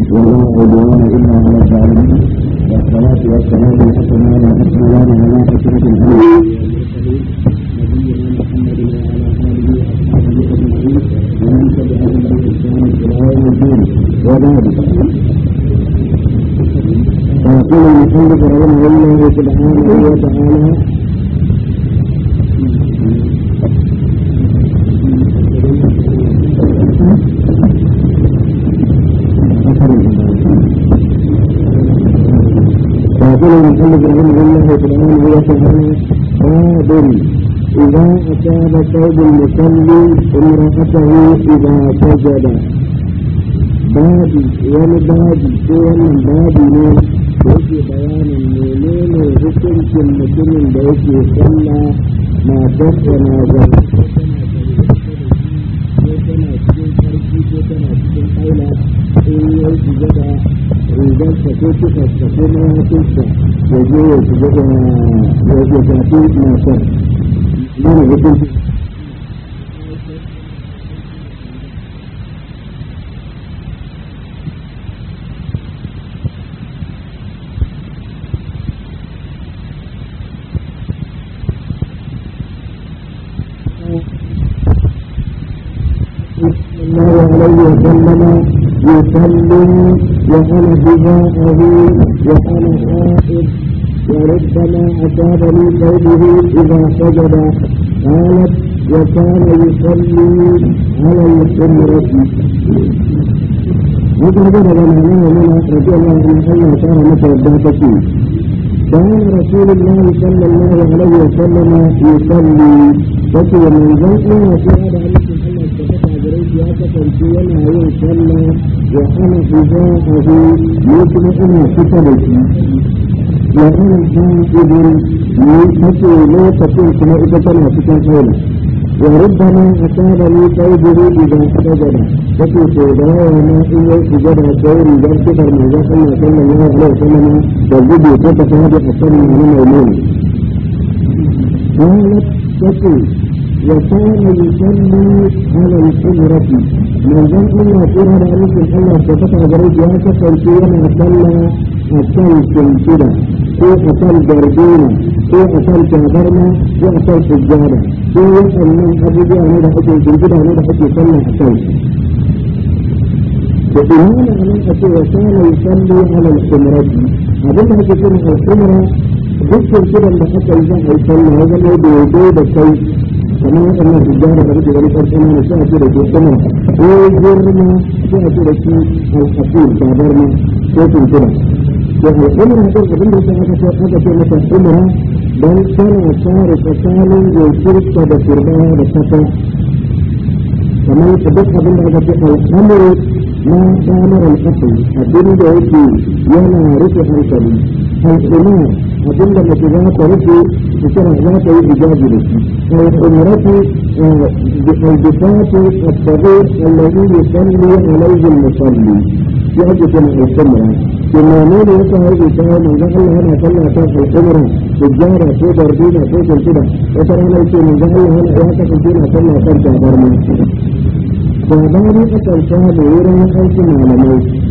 ولا عدوان إلا على الظالمين والصلاة والسلام الحسن على حسن الله على حسنة الحمد نبينا محمد وعلى آله وأصحابه أجمعين ومن تبعهم بإحسان إلى يوم الدين وبعد فيقول المصنف رحمه الله سبحانه وتعالى a قادر إذا أصاب ثوب المصلي امرأته إذا سجد بابي ولا بابي ولا بابي ne yake bayanin menene hukuncin mutumin da yake sallah matar da na zama ko tana cikin sarki ko tana cikin aula in yau shiga da rigarsa ko tufarsa ko Yo creo que es un... Yo creo que es un... Yo وأنا حذاءه وأنا حائض وربما أتابني قوله إذا سجد قالت وكان يصلي على الحمرة وقد ضرب معناه لنا رضي الله عنه أن أشار مترداتك كان رسول الله صلى الله عليه وسلم يصلي فكي من ذلك ya kasance yana yin sallah wa ana ijahahu ne kuma ana fita da shi wa ana hajibin ne kace lokacin kuma ita tana cikin aure wa rubbana asaba ni qaiduhu idza qadara kace to da yana in yi shiga da dauri dan kida mai ya sanya sallah ne ya sanya ne da gudu ta ta hadu sallah ne mai mu'min wa la وكان يصلي على الحمرة من ذنب الله فيها رأيك الله فتقع بريد يا كفر في يما صلى أكل سنسدة في أكل جرجينة في أكل كابرنا في أكل سجادة في يسأل من أبو جاء هذا حكم سنسدة هذا حكم صلى أكل وإمام أنا أتي وكان يصلي على الحمرة أبدا تكون الحمرة ذكر كده اللي حصل ده هيصلي هذا اللي بيجيب ده sannan waɗannan tijjara da rike wani ƙarshe na da suna ce da ke saman dogon rima ce da ke alfasul babar ma ko tuntura da da ya aka aka ce umara don tana tsara tsakanin jinkirta da da kasa kamar ta duk abinda aka ce ما شامر الحسن الدين يوكي يانا رفع الكلي الإمام أبن لما تذاك رفع بسرع ذاك إجاز لك الأمرة بصفات الصغير الذي يصلي عليه المصلي في أجل السمرة كما نولي يسعى هذه السمرة من ذا الله أنا صلى صاحب الأمرة تجارة في دردينة في سلسلة وترى أنا يسعى من ذا الله أنا يسعى الدين صلى صاحب الأمرة to labari akan samu wurin aikin malamai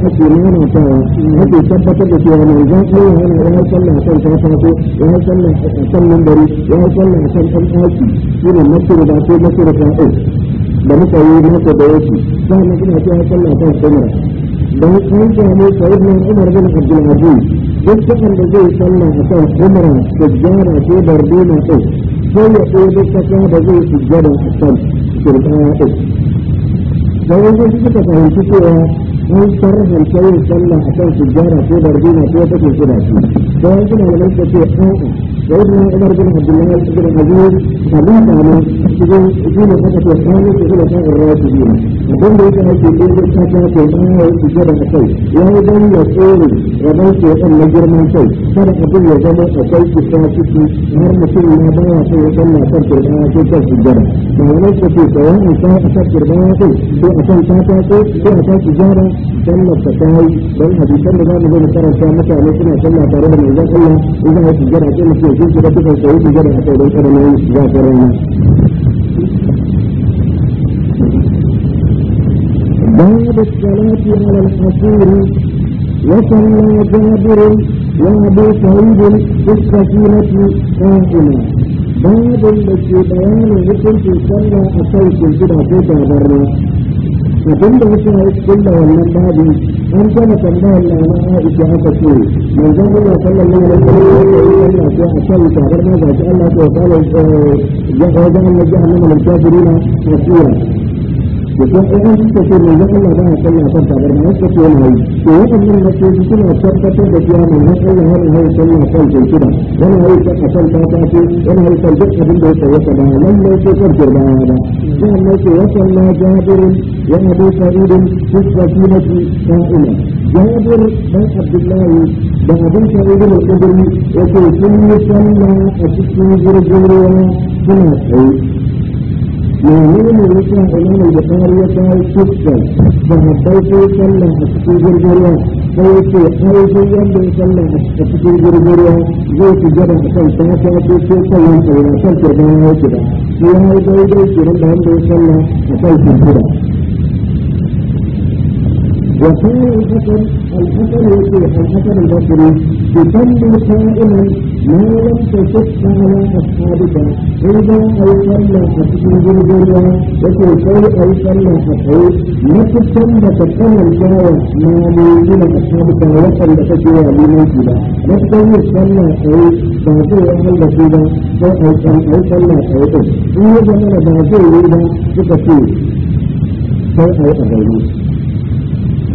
haka ke yana cewa yake tabbatar da cewa manzon Allah yana ya sallah kan ta fato ya sallah a kan mimbari ya sallah kan kan taki shine masjid da ko masjid da ko da muka yi haka da yake sannan ina cewa sallah kan sunna dan sun samu sayyid na Umar bin Abdul duk sakan da zai sallah a kan da sujjada ko darduma ko sai ya ɗaya duk kasa da zai sujjada a kan shirka ya da wajen suka fahimci cewa an sarrafa kyawun sallah a kan sujjara ko dardina ko take kira shi don wasu malamai suka ce a'a سيدنا عمر بن عبد الله بن العزيز فما كان cikin gina haka to kan yake gina kan rashidin abin da yake ake cikin ta ta ce an yi cikin da kai ya yi dan ya tsore rabon ke kan na girman kai kada abin ya zama akwai kita ciki har mutum ya ba ya so ya sanna kan ke da ke kan sujjara ba wani ce ko sai an sa a kan kirba ya ko a kan ta ta ko a kan sujjara sallar ta tayi dan hadisan da zamu zo mu karanta mutane suna sallah tare da manzon Allah idan ya sujjada sai mu ce kin shiga cikin sai sujjada a kai dan kada mu yi sujjada tare da باب الصلاة على الحصير وصلى جابر وابو سعيد في السفينة قائما باب الذي بيان حكم في صلى أسوس كده في برا to da mutum ya cikin da wannan babu an gama tambayar na na Aisha aka ce manzon Allah sallallahu alaihi wasallam ya ce a kan tarar ma ga Allah ta kala ya jihar eh, Allah jahannama lil kafirina asira da san ɗan suka ce mai zan Allah ba ya sallah kan tabar ma suka ce wani hayi to waɗannan nasoji suna tabbatar da cewa mai zan Allah wani hayi sallah kan jinkida wani hayi a kan tata ce wani hayi kan duk abin da ya tsaye ba lallai ce kan turbaya ba zan mai ce wasan na jabirin ya abu sa'idin suka fi mafi sa'ina jabir dan abdullahi da abin sa'idin al-kudurmi ya ce sun yi sallah a cikin jirgin ruwa suna tsaye menene yasa da bukari ya kawo fuskar sahabbai sai sallah a cikin jirgin sai yake aiki yadda ya sallah a cikin jirgin zai fi jira a kan safa ko ko sallan tsaye a kan turban ya yake sai ya yi daidai shirin da wanda ya sallah a kan turban وكان الحسن الحسن يقول الحسن البصري تكمل قائما ما لم تشق على اصحابك اذا ايقنا حسن بالجنة وكل شيء ايقنا حسن نكتم بتكمل الجاوة ما ليجينا اصحابك وصل لتشوى لموتنا نكتم يصلى حسن بعضي اهل بسيطة فايقن ايقنا حسن إن يجمع بعضي ويدا بكثير فايقن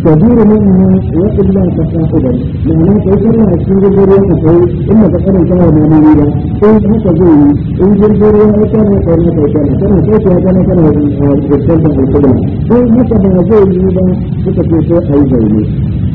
كبير الناس يقول لا تفاقدا لأنه معناه إما لا يصير الدنيا تقول إن بقر كان مؤمنا إن تقول إن الدنيا كان كان كان كان كيف كان كان يرسل القبلة إن هكذا زي ما تكون أي زي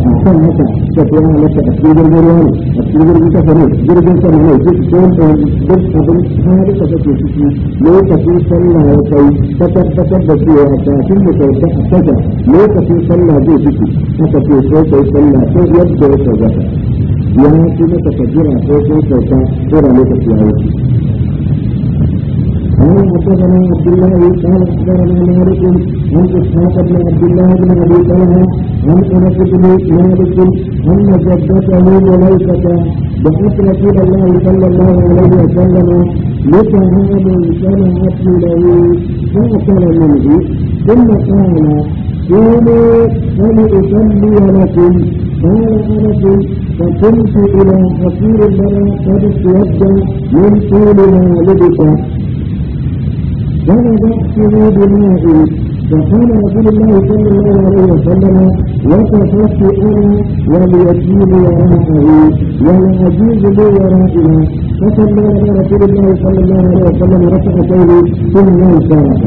kan haka da kuma halatta a jirgin ruwa a duk abin hali kake ciki lokacin sallah ya ta tabbatar da cewa kafin da kai a lokacin sallah zai ciki haka sai sai yadda ya kai ya fi maka ka jira sai sai lokaci ya wuce قال حدثنا عبد الله قال اخبرنا مالك عن اسحاق بن عبد الله بن ابي طلحه عن انس بن مالك ان جدته مليكه رسول الله صلى الله عليه وسلم لطعام صنعت له فاكل منه ثم قال قوموا فلأصلي لكم قال انس فقمت الى حصير المرأة قد من طول ما لبث بل بشروا بماء فقال رسول الله صلى الله عليه وسلم وكففت انا وليجيب وراءه ولا اجيب لي ورائنا فصلى على رسول الله صلى الله عليه وسلم ركعتين ثم انصرف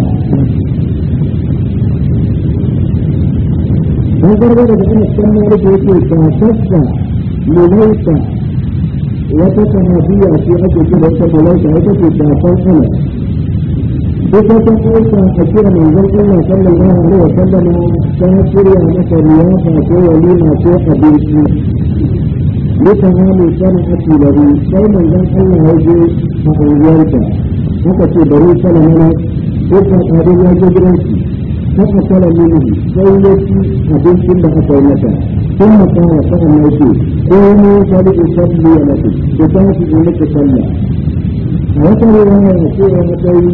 فانظر ورد انس كان مالك يقول فكف لليس وتتهافيا في اجل كل وقت ليس هدفي فكف duk ta aikin tafiyar manzon Allah sallallahu alaihi wa sallam ta shirya masa liyafa ko walima ko abinci duka hali sana a tilari sai manzon ya je a unguwarta haka ce bari sana mana ko ta tsarin ya je gidansu ta asala mini sai ya ci abincin da aka yi masa sun makara sa'an ya ko ne ta da isalli ya mace da ta su yi mata sallah mutane wannan ce ya matsayi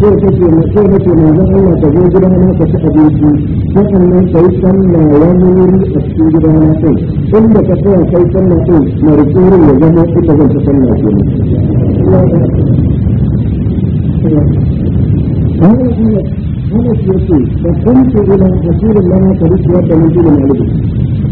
ko kake mu ko kake manzon Allah ka zo gidan na ka ci abinci sannan ka yi sallah wani wuri a cikin gidan na kai inda ka tsaya kai sallah kai na rikuru ya zama ita zan ta sallah ke ne هذا هو هذا الشيء فقمت الى رسول الله صلى الله عليه وسلم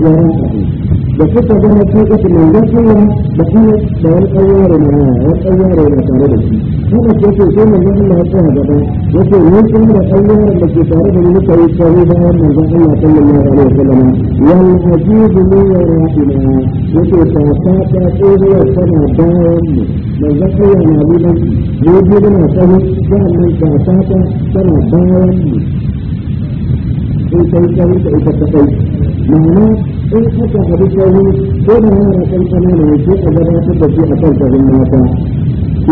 da suka ga na kai mai zan da kuma da wani tsayuwar na wani tsayuwar na tare da shi haka ce ce sai mai zan Allah ta gaba yake ne kuma da tsayuwar da ke tare da muka yi tsari da wannan zan Allah sallallahu alaihi da wal hadid min yarahina yake ta ta ta tsayuwar tana bayan mu mai zan Allah na liban ne biyu na tsaro sannan ta ta tana bayan mu sai sai sai ita ta kai ma'ana in aka haɗu sauri ko da yara kan ƙanana ne sai a gabatar da shi a kan sarin mata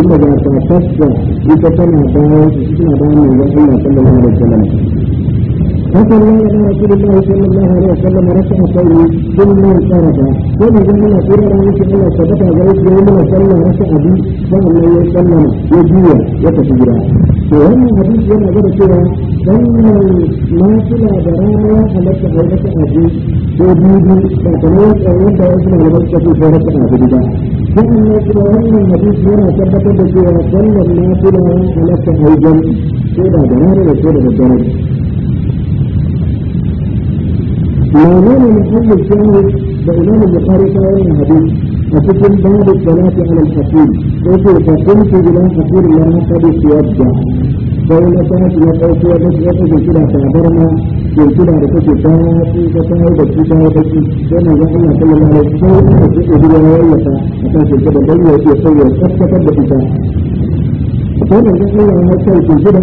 inda ba ta fassa ita tana bayan su suna bayan mai Allah sallallahu alaihi wasallam فقال فصلى على رسول الله صلى الله عليه وسلم رفع صلي ثم انصرف وما جعل سورة رئيس الله ثبت عليه يوم صلى ركع به عليه وسلم يجيء وتسجيلا وأن حديث يوم غير سورة أن ناصلة برايا التي أولت أبي تبيدي فتنوت أولت أجل الوقت في سورة أبدا فأن ناصلة وأن الحديث يوم ثبت بسورة صلى الناصلة التي أيضا سورة برايا وسورة الدرجة من hannun shahu بإمام البخاري bukari ta wannan hadisi وكتب باب الصلاة على الحصول قلت فقمت إلى حكيم لا قد توجه فإن كانت وقلت وقلت وقلت تعبرنا قلت كده فاتي فتاي بكي فاي كما زعلنا صلى الله عليه وسلم وقلت بلا ويلتا أتاك الكبر بي وفي صور قد تكبت فاي فإن زعلنا هكذا كده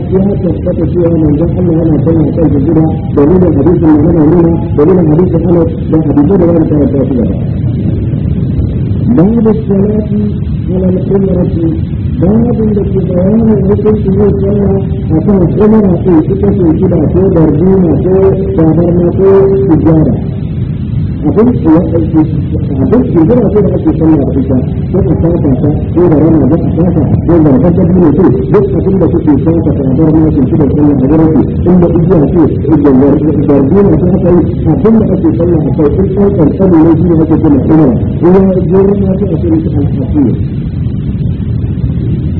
ya tabbata cewa manzon Allah yana sanya kan da gida dalilin hadisin da yana nuna dalilin hadisin Allah da hadisin da yana karanta su da babu salati ala al-qimrati babin da ke bayanin hukunci zai tsaya a kan tsimira ko ita ce gida ko darduma ko tabarma ko tijjara abin da ya ɗauke abin da ya ce da ake sallah da ita ko da sata ta ko da rana da sata ko da rabata biyu ce duk abin da kuke sata ta da rana ce shi da sallah da rana ce inda igiya ce da barbuna ta haka yi abin da ake sallah a kai in ɗaukar sallah ne shi ne ake kuma umara ruwan jirgin ya ce a shirin ta alfasiya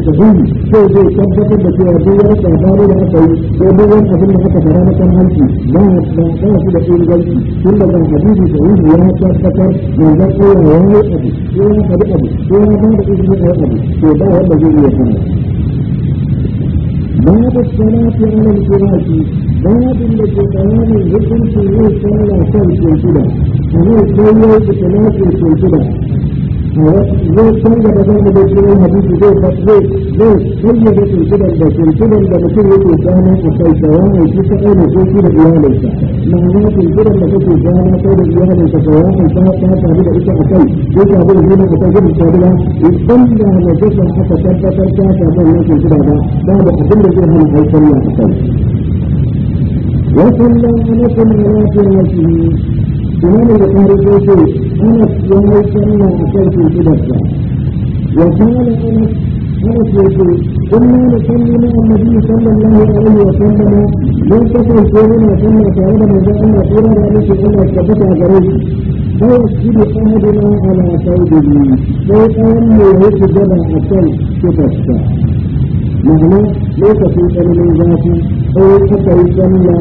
shahidi sai zai tabbatar da cewa duk wani sabani da aka yi ko duk wani abin da aka fara na kan hanci ba ba su da inganci tun da ban hadisi shahidi ya tabbatar manzon Allah ya yi abu ko ya faɗi abu ko ya da ba باب الصلاة على الفراش باب الذي كلام الحكم في الصلاة كالسلسلة وهو الصلاة zai canza da zanga da cikin hadisi zai fasle zai canza da tuntunan da tuntunan da mutum yake gano a kai tsawon shi ta aina ko shi da iyalinsa ma'ana tuntunan da kake gano kai da iyalinsa tsawon kai ta ta tabi da ita a kai ko ta bi da ita a gudun saduwa idan da na jasa aka tabbatar ta samu wannan tuntuna ba babu abin da zai hana haifar ya a kai. وصلى أنس على فراشه kuma da kare kake ana yana sanya a kan teku da ta ya kana ana ana teku in ma da sanya na annabi sallallahu alaihi wa sallam mun kasance muna sanya tare da manzon Allah ko da Allah ke Allah ka buta gare shi sai shi da sanadin ala sa'idi sai kan ne yake gaba a kan teku da ma'ana lokacin tsananin zafi ko ta kai sanya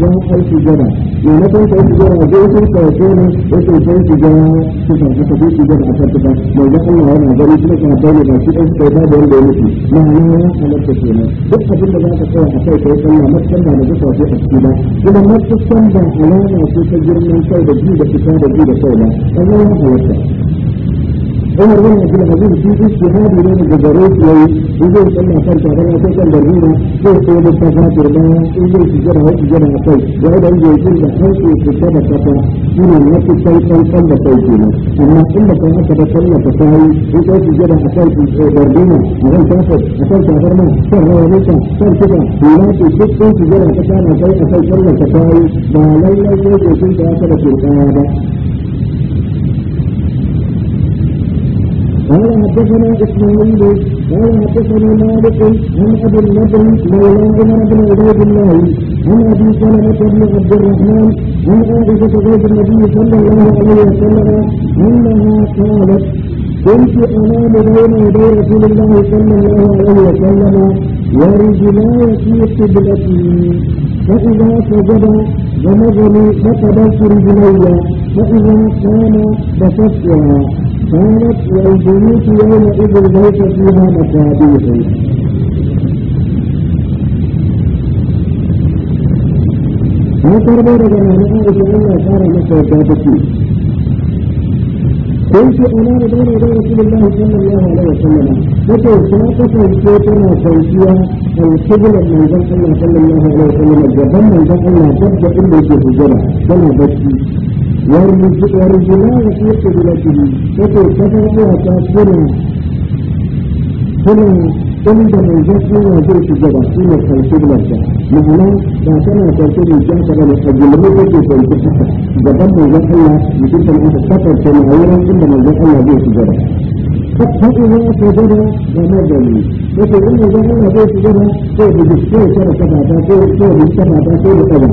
zan aiki gaba maimakon sai su ne su su a kan mai ga Allah yana gari shi kan ta ne ba shi dan da wanda ya mutu duk abin da za ka a kai kai sallah da zuwa a ciki ba kuma matsan ba alama ce ta girman kai da da fita da da kai ba Allah ya عمر بن عبد العزيز في اجتهاد بين جزروت لو يجوز صلى عليه وسلم على كان دربينا كيف تقول الصفات ربما يجوز تجرى تجرى كي وإذا يجوز يجوز حيث يتسبب كفا من النفس كي كي كي كي كي إلا كان أكبر صلى كفاي يجوز تجرى كي دربينا مهم كافر أكان تعبان كان هو نيسا كان كذا الناس كيف تجرى جرعة كي أكي صلى كفاي ما لا يجوز يجوز أكبر كفاي قال حدثنا اسماعيل قال حدثني مالك عن ابي النضر مولى عمر بن عبيد الله عن ابي سلمه بن عبد الرحمن عن عائشه زوج النبي صلى الله عليه وسلم انها قالت كنت انام بين يدي رسول الله صلى الله عليه وسلم ورجلاي في قبلتي فاذا سجد غمزني فقبلت رجلي فاذا قام بسطتها كانت والبيوت يومئذ ليس فيها مصابيح مطر بارد أنا نعرف أن صار مصر كابتي كنت أنا بين يدي رسول الله صلى الله عليه وسلم فكيف سنقص الكوتنا صوتيا القبل من ذلك الله صلى الله عليه وسلم الجبن من ذلك الله تبدأ إلا في الجنة فلا بشي والرجلان في قبلته فكر كفاها كافرا كنا عند من جسم وزير في الجبع سنة تنسيب لك معنى ما كان تنسيب الجنة بل الجمهور يجي في الجسد جبن من جسم الله يجب أن أتفكر كما أولا عند من جسم وزير في الجبع فإذا أخذنا رمضان فإذا أخذنا رمضان فإذا أخذنا رمضان فإذا أخذنا رمضان فإذا أخذنا رمضان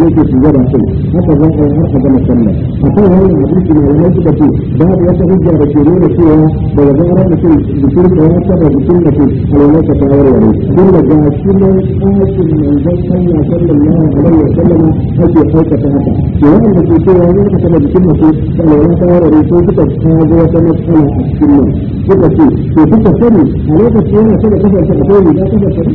yake sujada kai haka za a yi har a gama sallah a kan wannan hadisi ne wani suka ce babu wata hujja da ke nuna cewa daga zarar mutum jikin da ya saba jikin da ke alwala ta tayar wa don da ga shi ne aikin manzon sallah sallallahu alaihi wa sallam ake aikata haka to wanda ke cewa wani ka saba jikin da ke alwala ta tayar wa ne suka kawo wata matsala a cikin nan suka ce to kuka sani a lokacin yana so da kasance akwai ne ya kasance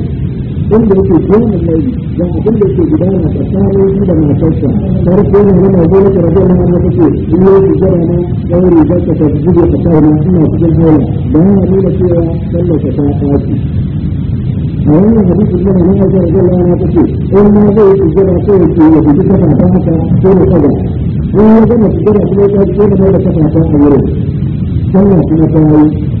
inda yake gona laili ga abin da yake gudana tsakanin shi da matarsa farko ne na mai gona ta rabuwa na ta ce in yau ku jira na ɗan rigar ta ta zuge ta kai na ina cikin haula da ya nuna cewa sallar ta ta tashi a wannan hadisi da na aisha radiyallahu anha ta ce in ma zai yi jira ko ya ce ya fita ta ta haka ko ya tsaga in ya gama jira ko ya ta ce da ya da ta ta a Ta sallar kuma ta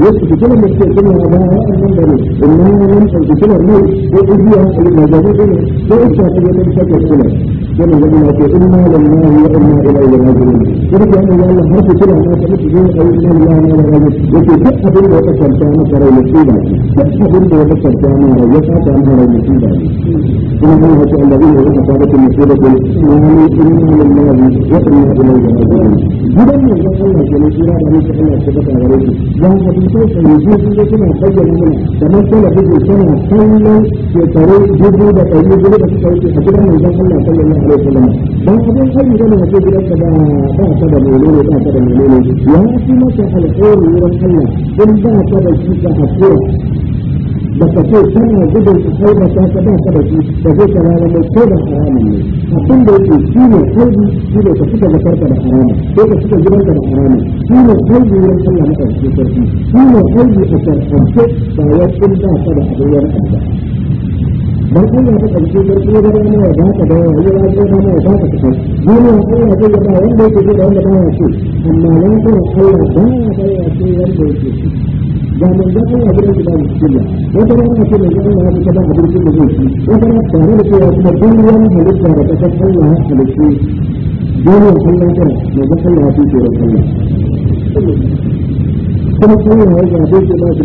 wasu fitilar da suke suna a baya waɗannan da ne inna nan fitilar ne ko ɗin biya a yi majalisa ne ko ita su yi ɗan shakar suna wannan no na ce inna no wa inna no no no no no no no no ya no no no no no no ya alaihi wasallam dan abin ba da menene ba ka da menene ya fi masa alƙawari wurin Allah in ba ka da shi ka hakura da ka ce kana gudun ka haibata ka ba ka da shi da zai ka rana mai ko da haramun ne abin da yake shi ne kalbi shi ne ka fita zakarka da haramun ko ka fita da shi ne wurin Allah na ƙarshe sarki shi ne a ƙarshe ba wai in ba da abin dan Allah ta karshe dan ko da rana ya ba ka da ya yi rana ya ba ya ba ka kace dole Allah zai ba a yake da wanda ba ya ke amma nan ko Allah ba ya ba ya ce wanda da mun da Allah gudu da bismillah wata rana ce da ya ba abinci da zai wata rana tare da cewa kuma da wani halitta da ta san Allah ya halitta dole Allah ta ya ba Allah ya ce da Allah kuma Allah ya ba shi ba shi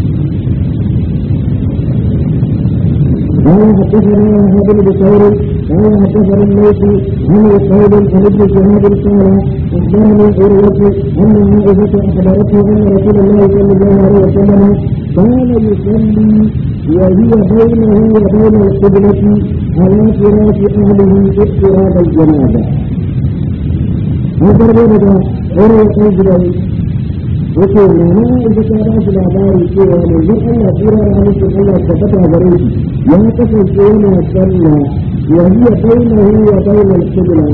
قال حدثنا هذا بن بشير قال حدثنا الليث عن يسعود عن ابن شهاب قال اخبرني عروه ان عائشه اخبرته ان رسول الله صلى الله عليه وسلم كان يصلي وهي بينه وبين القبله على فراش اهله اقتراب الجنازه. هذا عروه yake domin ita ta ba shi labari cewa manzon Allah tura da hannun Allah ta fata gare shi ya kasance yana sallah wa hiya bainahu wa bainal qibla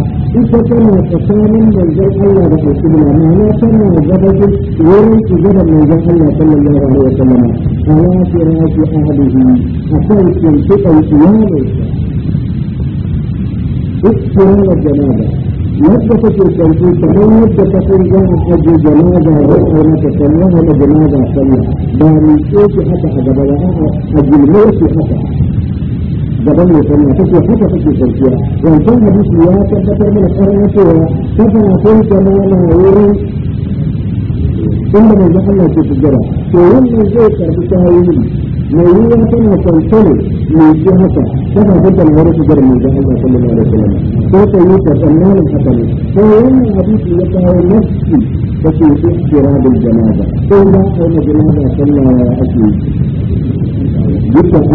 ita tana tsakanin manzon Allah da al-qibla ma'ana tana gabatin wurin sujada manzon Allah sallallahu alaihi wa sallam ala firashi ahlihi akan kintukan iyalin da jana'a Nasıl taşırsın sana, nasıl taşırsın hacı cenaze alır, kaynaka sallam ve cenaze sallam. Bari o ki hata hazabalara, hacı ne o ki hata. Zaman yasalına, tekiye hata taşırsın ki ya. Yani sen hadis ya, sen kadar bana karanı sorar, sen bana sen sana ona uğrun. Sen bana zahallah kesin gara. Sen bana zahallah kesin gara. mai ruwa tana kwanciyar mai shi haka tana hujjar wani shigar mai da Allah sallallahu alaihi wasallam ko ta yi ta tsammanin haka ne ko wannan hadisi ya kawo nafsi da ke shi kira da janaza ko ba na sallallahu alaihi wasallam dukkan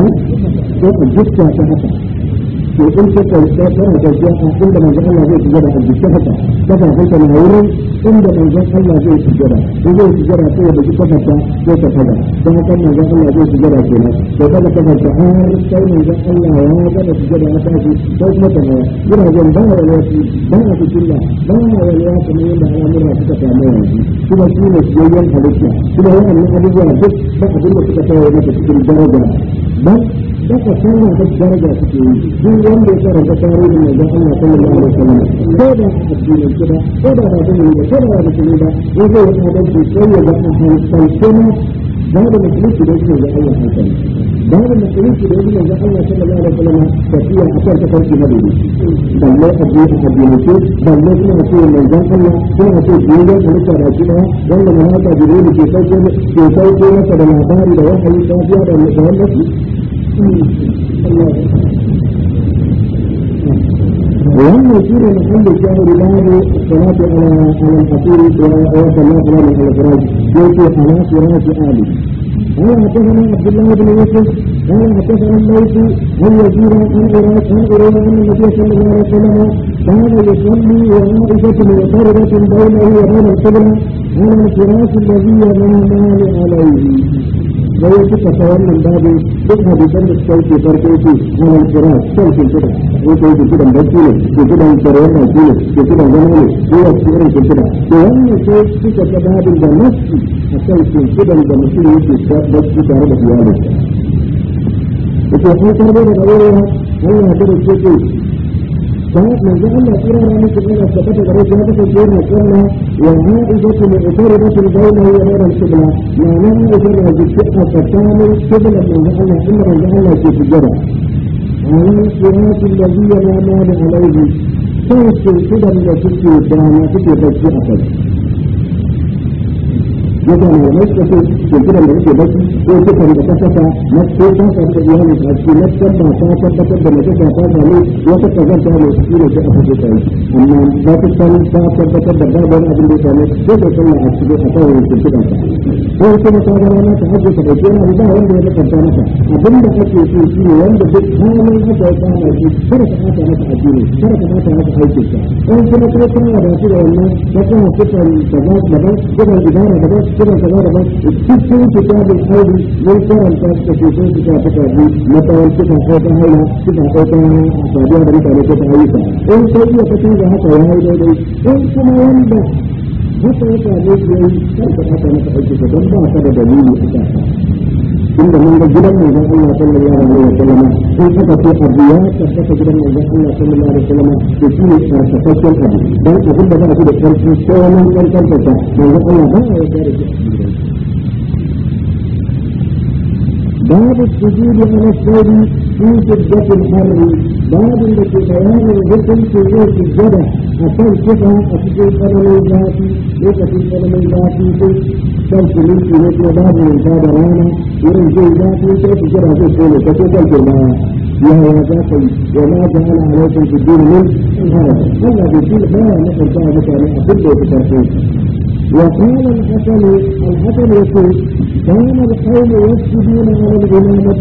ko dukkan ta haka to in ce kwanciya a inda manzo Allah zai shiga da aljihu haka ta na wurin inda manzo Allah zai shiga da in zai shiga da sai ya baki kafarta sai ta faga don haka manzo Allah zai shiga da kenan to kada kafarta har sai manzo Allah ya gama shiga da ta a sai kuma ta haya ina jin ba da lafi ba da fitilla ba da walwa kamar yadda al'amura suka samu yanzu kuma shi ne halitta kuma wannan abubuwa duk ba abin da suka tawaye mata cikin daraja ba daga sauran da daraja suke yi duk wanda ya karanta tarihin mai da Allah sallallahu alaihi wasallam ko da addinin kida ko da ba da ne ko da ba da ne ba ya zai yi adalci sai ya ga an sauke ne ba da musulunci da yake da Allah hankali ba da musulunci da yake da Allah sallallahu alaihi wasallam tafiya a kan tafarki na dole balle addini addini ce balle suna ce manzon Allah suna ce dole da rika da shi da wanda malaka jibril ke ke sauke masa da labari da wahayi safiya da wannan ولما يصير محمد الشهر بعد الصلاة على على الحصير تعالى على الفراج يأتي على فراش آلي هل حدثنا عبد الله بن يوسف هل حدثنا الليث هل يزيد عن عراق عن عروة أن النبي صلى الله عليه وسلم كان يصلي وعائشة مقربة بينه وبين القبلة على فراش الذي ينام عليه da ya suka ta wannan babu duk hadisan da suka yi farko ce wani kira son ke kida ko ko ke kidan bacci ne ke kidan sarwan bacci ne ke kidan gano ne ko irin to wannan ce suka ta babin da nafsi a kan ke da mutum yake bacci tare da iyalin yake kuma karbar da aure Allah ya da ce dan manzo Allah kira na miki ina tabbata gare shi haka sai na kalla wa ha'ijatu li utaribati bayna wa bayna al-qibla ma nan ne da ya ji ta tsakanin qibla manzo Allah inda manzo Allah ke sujjada wannan sirati alladhi yana mana alaihi sai kidan da suke dama suke bacci a kai yadda malamai suka ce shimfiɗan da yake baki ko tukar da ta saka na ko ta saka iyalin a cikin na tabba ta tabbatar da mace ta ta samu wata kazanta mai su ne ta afirka ta yi amma ba ta san ta tabbatar da babu wani abin da ya same sai ta sanna a cikin a kawai shimfiɗan ta ko kuma ta gana na ta hajji ta ɗauke na ba wanda ya ta mata abin da ake so shi ne wanda duk halin haka ya kama shi kada ka ɓata masa addini kada ka ɓata masa aikinsa in kuma ta kama da shi da wannan ta kama ta da ba ta ba da ta da ba kiran ka da ban cikin kitabul haidi mun karanta ta cikin da haidi na tsawon cikin aikin haila cikin aikin sabuwa da mutane ko ta ayyuka in sai iya fitin da haka ya haida dai in kuma wanda haka ya same shi yi kar ka haka ta aiki don ba ka da dalili a kansa inda mun ga gidan mai zan Allah sallallahu alaihi wa sallam sai suka ce abu ta saka gidan mai zan Allah sallallahu alaihi wa sallam to shi ne tsarkakakken abu dan abin da su da tsarki sai kan kankanta ta mai zan Allah ba ya yarda da shi باب السجود على الثوب في شدة الحر باب التي بيان الغسل في السجدة Akwai kiɗa a cikin tsananin zafi lokacin tsananin zafi ko kan siminti ne ko babu yanka da rana wurin zai zafi sai ku kira zai kone ka ko kan kirma yaya za ka yi wa ma ga ala alaikum fi dini min haraj wannan bai shi ba ya nasarta mutane abin da ya fi karfin وقال الحسن الحسن يقول كان القوم يسجدون على الإمامة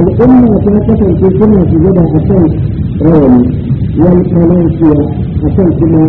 الأمة تاكتا في سنة جدا حسن رواني والفنانسية أسان كما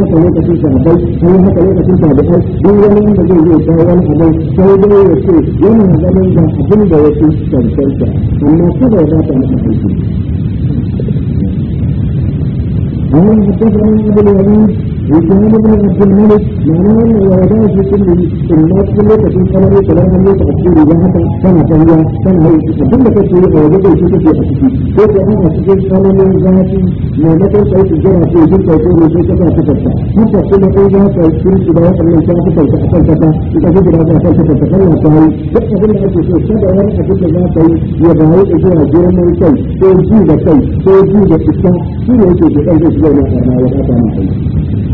haka lokacin sahabbai sun haka lokacin tabi'ai duk wani wanda zai yi sai wani abin sai dai ya ce yana ganin da abin da ya fi cancanta amma kada ya dafa masa aiki. Allah ya tabbata mana da وكان ابن عبد الملك معناه انه يهداه في كل الناس كل لوكاشن كمان كلام هم يوسف تفسير اذا حتى كان كان كان هو abin da kake yi a waje kai shi kake a ciki ko ko ana cikin kalmomin zafi ne na kai sai ki jira ko duk kai ko sai ka ta tafi haka ko na kai za ka yi shi da wannan ta ta tafi a kan ta ita ce da ta ta tafi Allah ta yi duk abin da ake so kada wani abin da za ka yi ya ba yi da jira girman kai ko da kai ko ji da ita shi ne yake da kai zai zo na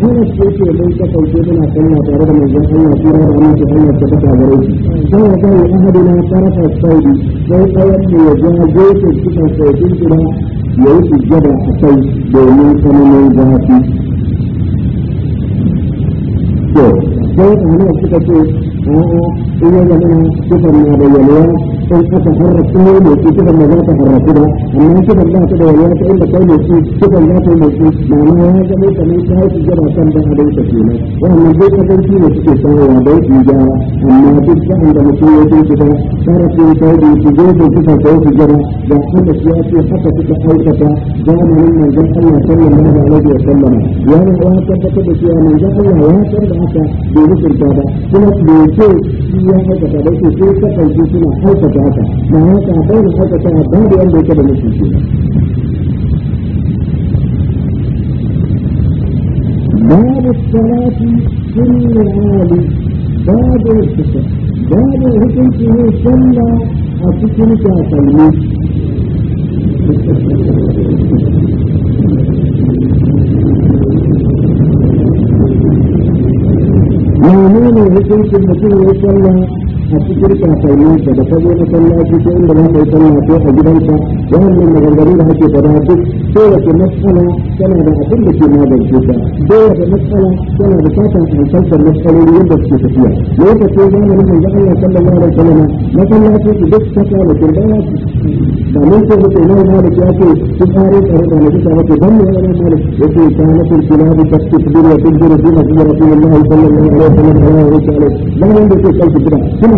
Allah shi yake mun kasance muna sallah tare da manzon Allah shi da Allah ke hanyar ta saka gare shi sai ya ga ahadina tarafa saudi sai tsayar da ya ga gefe cikin saudin gida ya yi sujjada a kai domin kananan zafi. akwai mutane da suka ce a'a in ya zama kifan na da yalwa in aka ne kifan za ta amma kifan ta da yalwa ta inda kai mai ci kifan ta ya zama kamar ta haifi gaba kan da abin ta ke nan wannan duk kasanci ne suke sanarwa don su amma duk mutum ya ce kifan sarrafin sai da kifan da shi ya ce haka suka aikata Allah sallallahu alaihi wa sallam ya ne tabbatar da cewa manzon Allah ya san da haka mutunta ba kuma bai ce shi ya aikata ba sai sai kasance suna aikata haka na haka bai da aikata babu wanda yake da mutunci باب الصلاة في babu باب الحكم باب الحكم فيه صلى أتكلم كاتلمي wannan hukuncin mutum ya sallah a cikin kakannin da kaje na sallaci ko inda za ka yi sallah a gidanka wannan maganganun da ake faɗa duk kowace matsala tana da abin da ke magance ta kowace matsala tana da fatan hankaltar matsaloli yadda suke tafiya lokacin zamanin manzo Allah sallallahu alaihi wasallam masallaci su duk ta kawo kirdaya ba mun ce muke nan malik su tsare da nabi ta wato dan ne nan malik yake kanatul kilabi tasbir wa tunzir bi nabi rasulullahi sallallahu alaihi wasallam wa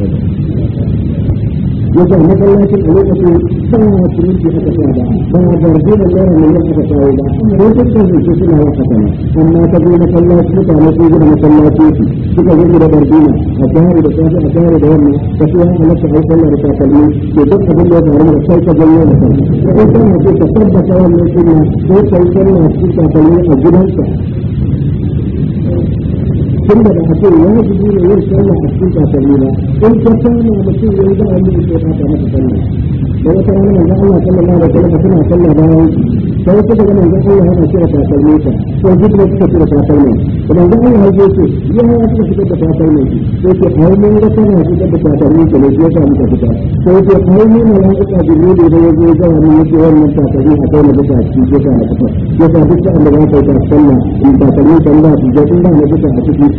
yasa masallacin a lokacin ba siminti aka sa ba ba garbe da lera ne ya aka kawo ba lokacin da su suna yin haka amma ta zo masallaci na sun gina masallaci su suka zo da barbina a tsari da safe a tsari da yamma ka ce an halatta a sallar da takalmi to duk abin da ya faru da sai ka janyo da ko sai ka ce ka tabbata wannan sunna sai ka yi sallah cikin takalmi a gidansa tun da ba ya ce wajibi ne yin sallah a cikin kasanni ba in ka samu mutum ya yi za a yi sai ka samu sallah da wata rana da Allah sallallahu alaihi wasallam suna sallah bayan sai suka ga da Allah yana cire takalmi ta sai duk da suka cire takalmi da manzo Allah ya ce ya ya suka cire da takalmi sai ce ai mun ga kana cire da takalmi ne sai ya muka fita sai ce ai mun ne ya da ya zo ga mun yake wannan takalmi a kai da ta ci ce ka fita ya ka duk da Allah ya ta sallah in takalmi kan da ji da in da ne ta ciki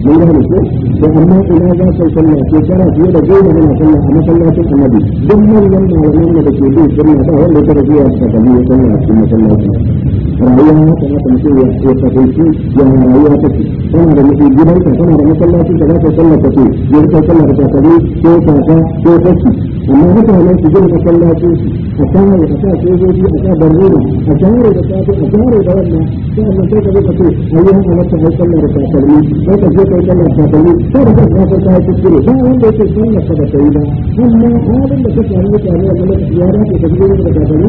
mun ga ne to amma ina za ka sallah ce kana fiye da goma kana sallah a masallacin annabi duk manyan malaman da ke bin sunna ba wanda ta zuwa ta kalli ya sallah a cikin masallaci rayuwa ya ta mutum ya ya tafi ya rayuwa take kana da mutum ta kana da masallacin da za ka sallah ka ce ya ka sallah ka tafi ko ka ko kaki amma mutanen su gina masallacin su a share a sa sojoji a sa barnuna a share da safe a share da wannan sa'annan sai ka zo ka ce ayi haka wata ai sallar takalmi sai ka je kai sallar takalmi sai da kanka ka ta kuskure ba wanda yake sallar ka ba ta yi ba amma halin da ka samu mutane a lokacin ya dace ka je da takalmi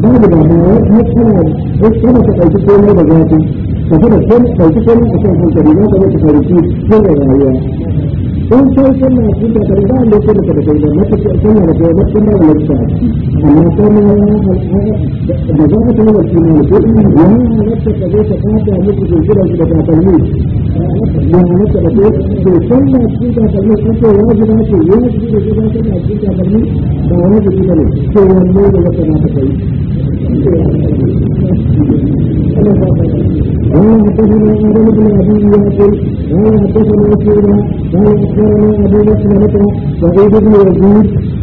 babu da wani ya tsara ya tsara ta ɗauki komai da zafi ka fi da ɗauki komai a kan kanka riga da wata karfi ko da rayuwa sun so suna ji da karba da su da karba da mata ce suna da gaba suna da wata amma kuma ya da za ka tana da suna da ne ya halatta da ta ka fata muku da jira da ne ya halatta da ko to suna ji da karba sun so ya ji da ce ya ji da ji da suna ji da ne ba wani da ji da ne to wanne da wata ta kai قال حدثنا آدم بن أبي ياسر قال حدثنا سيرة قال أخبرنا أبو بكر بن سعيد بن يزيد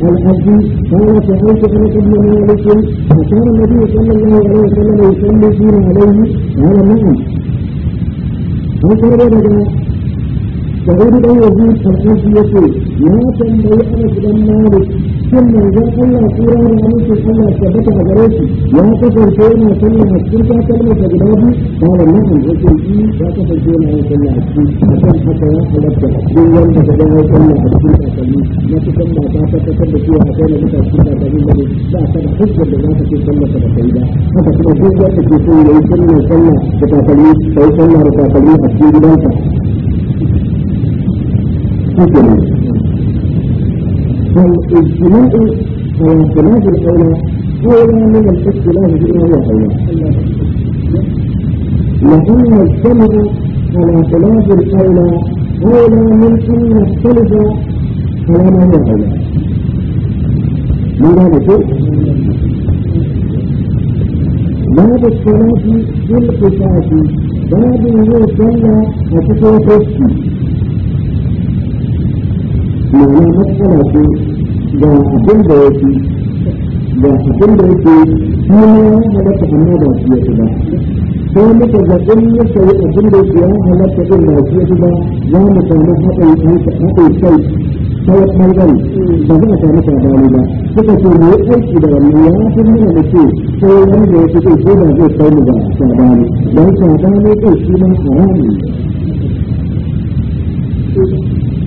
الحجي قال سألت أنس بن مالك فكان النبي صلى الله عليه وسلم يصلي فينا عليه قال نعم. saboda dan yanzu sarkin shi yace san tambayi ana gidan malik shin manzon Allah kura da amince Allah tabbata a gare shi ya kasance yana sallah a cikin takalma ta guda ba malam na an yace shi ya kasance yana a cikin akan haka ya halatta duk wanda ka ga sallah a cikin takalmi na cikin mata ta kasar da cewa akwai na mutane cikin takalmi ne ba ta da hujjar da za ta sallah ta kai ba haka da duk wanda ke so ya yi sallah sallah da takalmi sallah a cikin gidansa الجماع فالجماع على خلاف الأولى أولى من الاختلاف بما هو أولى لأن الجمع على خلاف الأولى أولى من أن نختلف على ما هو أولى من ذلك باب الصلاة في القصاص باب يصلى وتتوقف ma'ana matsala ce ga abin da ya fi ga abin da ya fi shi ne ya halatta amma ba shi ya ba sai muka ga in ya sayi abin da ya halatta din ba shi ya ba za mu samu haɗin kai ta wata ɓangare ba za a samu sabani ba suka ce mu yi aiki da wannan ya fi mana da ce sai wanda ya fi ko ba zai kai mu ba sabani don sabani ɗin shi ma haramu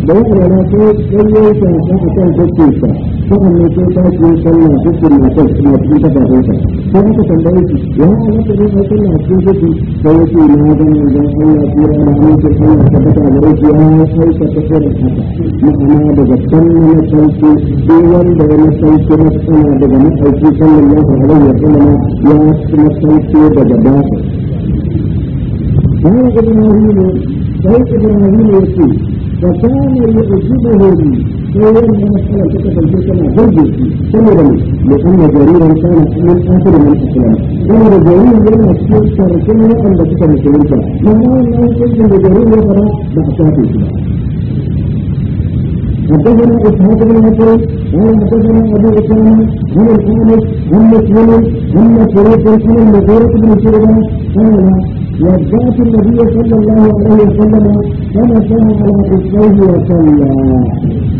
da yi alwala ko tsaye ta a kan kwace ta sa'an ne ko ta shi sallah ko kuma ta kuma ta ta ta ta sai aka tambaye shi ya halatta ne a sallah ko kwace sai ya ce na ga ne da Allah ko ya na ne ko sallah ta ta gare shi ya sai ta ta ta daga sannan na sauki duk wanda na sauki na sallah daga ma'aiki sallallahu na sauki daga ba. Wani gudunmawa ne, ne فكان يعجبهم فهو من مسألة تكفل في سنة برجه سنة لأن جريرا كان من آخر من أسلم إن جرير لما تكون شرطين أن تكفل في سنة من أول ما يكون جرير يفرح بأساته وكذلك اسمه بن مطر قال حدثنا ابو اسامه عن الحارث عن مسلم عن شريك عن المغيرة بن شعبة قال وجاءت النبي صلى الله عليه وسلم فمسح على كفيه وصلى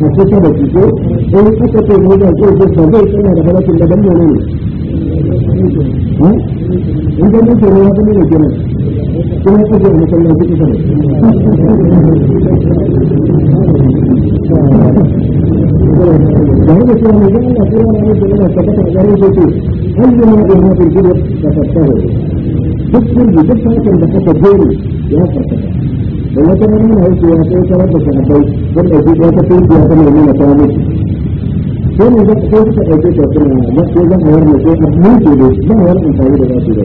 to kusa da ku ko in kuka ce mu da ko ko to zai tsaya da halakin da dan ne in da mun ce ne wani ne kenan kuma kuka da musallan kuka sani da haka cewa ne dan Allah ko wani abu da yana tabbata da garin sai ce ayyuma ibnu fil jibr tafattahu duk sun duk fatan da kaka gore ya farkata da wata rana na ya sai ta rasa abai don ɗauki wata turkiya ta mai nuna ta ne sai ne za ta ɗauki ta suna masu zan hawar mai sai a mutu ne zan hawar amfani da ta su da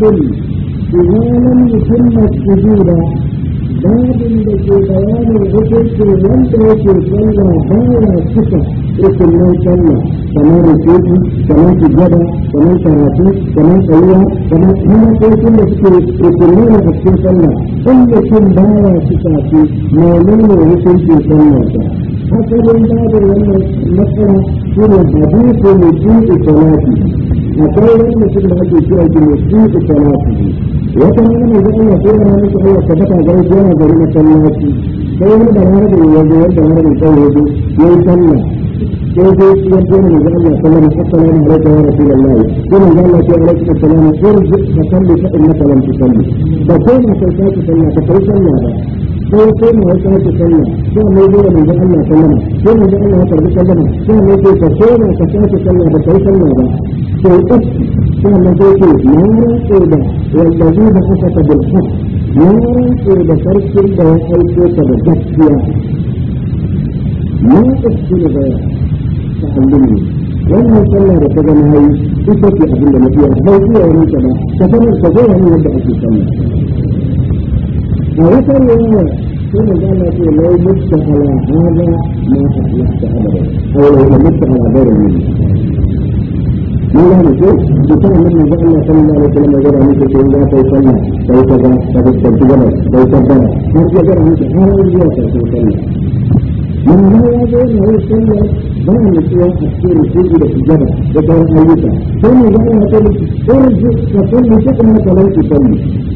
babin idan mutum sujuda babin da ke bayanin hukuncin wanda yake sallah baya cika rukunin sallah kamar rukuki kamar sujada kamar karatu kamar tsayuwa kamar mamakokin da suke rukunin a cikin sallah in mutum baya cika su menene hukuncin sallah ta asalin babin wannan matsala shi ne hadisi mutum ikilati akwai wani mutum da ake kira ki musu da salatu wata rana mai zama ya tsora na musu Allah sabata gari ko na gari na sallaci sai wani da rana da yawa da wanda rana da sai yazo yayi sallah sai dai shi ya tsora na zama ya sallama assalamu alaikum wa rasulullahi ko na zama ya alaikum assalam ko ka salli fa innaka lam tusalli ba ko na sai ka sallah ka sallah ba sai ko mu wasu wasu sallah sai mu zo da manzon Allah sallama ko mu ji Allah ya karbi sallama sai mu ce ka so ne ka sake sallah da kai sallah ba ko uku sai mu zo ce na rantsa da wallahi da aka ta bil haq na da sarkin da ya aiko ta da gaskiya na uku da ta allumi wannan sallah da ta ga nayi ita ce abin da mafiya bai iya wani ta ba ta fara ta zo da yadda ake sallah وذكر الآية ثم قال لك لو مت على هذا ما أصلحت أبدا أو لو مت على غير منه من هذا الشيء بكان من جاء الله صلى الله عليه وسلم وجرى منك شيء لا توصلنا توصل تبصر تجبر توصل ما تجبر منك هذا الجياس توصلنا من هذا يقول هو صلى ظن فيها تفسير الجزء الإجابة وكان أيضا ثم جاء يقول ارجع فصلي فقمك لو تصلي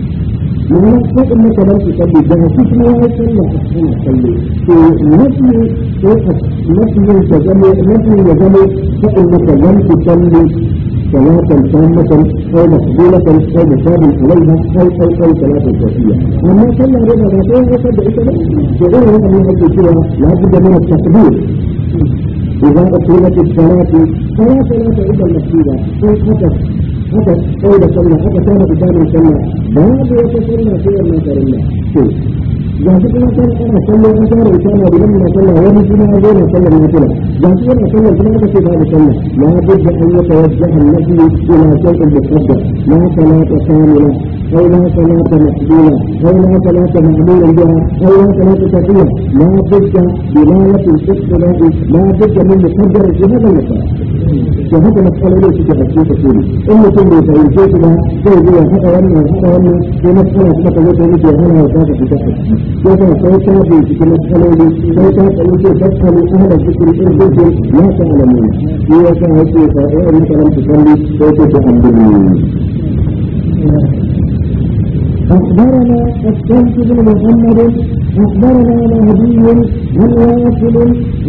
wani kwakwai maka ban su sabbi da hasi kuma ya haifar da zama mafi yin ta zama kwakwai maka ban su kalli da ya kan san maka kai da su na kan kai da sabbi a wani ba kai kai kai da lafiya tafiya amma sallar da ba ta yi wata da ita ba da ina wani abin da ke cewa ya fi da mana takbir idan ka tura ki salati salati na ta ita na tura sai haka sai da sallah haka ta da bisanin sallah babu wata sallah sai wannan farilla to ga su kuma kan ana sallah an fara bisanin da nan sallah wani kuma ya zo na sallah na kula ga su yana sallah kuma aka ce babu sallah na budda an yatawajjaha an-nabi ila da muqaddar la salata kamila أو لا صلاة مقبولة أو لا صلاة معمولا بها أو لا صلاة كثيرة لا بد بلاية الاقتداء لا بد من مقدر في هذا المكان وهذا مسألة ليس كتفسير تقولي إن كل فهمتيك بها تقول هذا ولا هذا ولا في مسألة تقول لك هنا وكذا في كذا وكذا سويت في في مسألة سويت أنك تدخل أهل الفكر الفكر لا تعلمون هي كانت في فائدة لم تصلي سويت تحملني أخبرنا الشمس بن محمد أخبرنا مهدي من واصل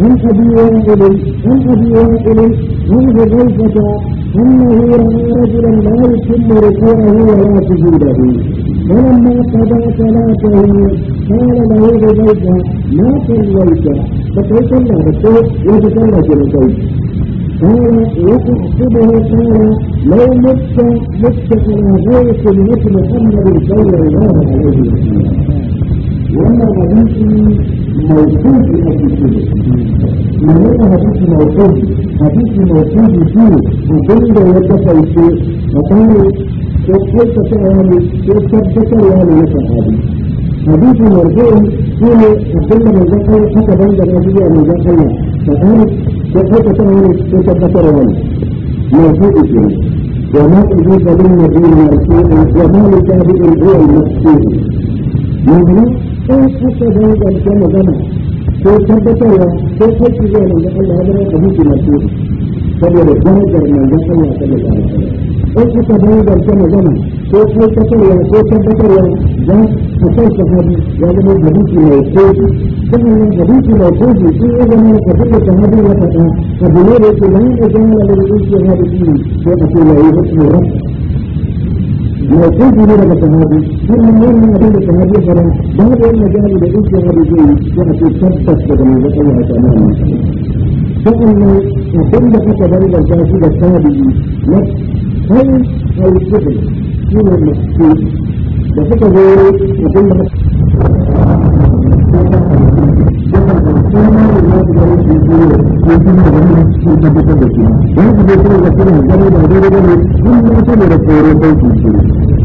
عن أبي وائل عن أبي وائل عن حذيفة أنه رأى رجلا لا يتم ركوعه ولا سجوده فلما قضى صلاته قال له حذيفة ما صليت فقلت لا بس يتصلى في البيت وتحسبه قال لو مت مت في نهاية مثل محمد صلى الله عليه وسلم وأما حديث موقوف لأبي ما هو حديث موقوف حديث موقوف فيه وكل يتفل فيه وقالوا كيف تفعل كيف تفعل هذا الحديث حديث مرجوع فيه وكل من ذكر حتى بين النبي ومن ذكر فقالت فقلت تعالى تتذكر ولي موجود فيه وما أجيب للنبي مرسوعا وما لتابع هو المقصود معنى إن حتى ذلك الكلام جمع تتذكر تتذكر من الله هذا فهيك مرسوعا saboda darajar manzon Allah sallallahu alaihi wasallam in aka darajar ta magana ko kai ta ko tabbatarwa za مسلسل هذه يعني من جبوتي موجود كان من جبوتي موجود في إذا من قبل هذه وفتاة فبنيرة لا أجال للإنس هذه وأقول له اسم رب موجود من الشهادة كل من من أبين الشهادة فلا بعد أن جاء للإنس هذه وأقول تبتس بدمي الله تعالى فأنا أقول لك تبرد الجاسد الثابت نفس هل أو الشغل من المحسوس da suka zo mutum da tabbatar da shi yanzu zai kuma ga suna gani da daidai ne sun mutu ne da tsoro sauki ce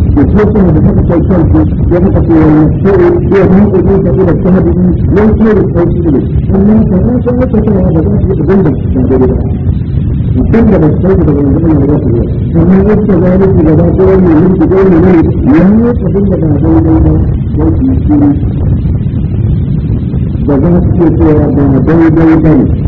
existing in the Hittite countries, given up here in the city, we have not been able to get a family to use no clear approach to this. And then, I'm not sure what you're going to have, but that's what the Bible is going to do with that. The Bible is going to be the Bible is going to be the Bible is going to be the Bible is going to be the Bible is going to be the Bible is going to be the Bible is going to be the Bible is going to be the Bible is going to be the Bible is going to be the Bible is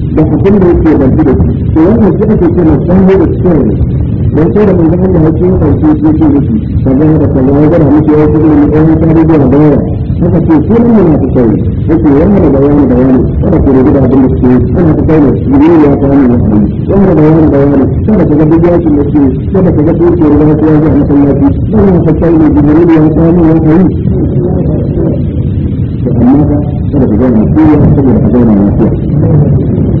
da hukun da yake bantu da to wannan shi ake cewa sanho da cikin dan sai da manzon Allah ya ce ya shi yake nufi kaza da kaza ya gana miki ya ce da ni ɗan tare da baya haka ce ko mun yana ta kai yake wannan da wani da wani kada ku rubuta abin da ke ana ta kai ne ne ya ta ne wannan da wani da wani kada ka ga bidiyaci ne ce kada ka ga tsoce ruwa ta ya ga masallaci wannan ta kai ne jibril ya ta ne ya kai amma ka kada ka ga ne ya ta ne ya ta ne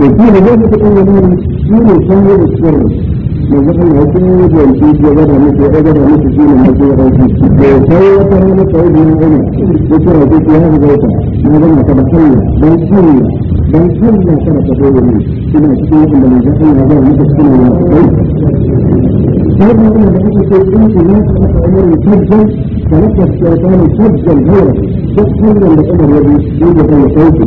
وفي لذلك أنه شين الخمر والسر نزل الحكم والجيد وغدا مثل غدا مثل شين الحكم والجيد وصوتها لقوله العلم ذكر ذكر هذا بيتا ما لم تبخلنا بل سرنا بل سرنا كما تقول لي إذا كنت لما دخلنا هذا مثل سنة الله سيدنا عمر بحيث سيكون في ناس عمر مسجل فلقى الشيطان مسجل غيره تقول لما عمر يبي يجي في صوته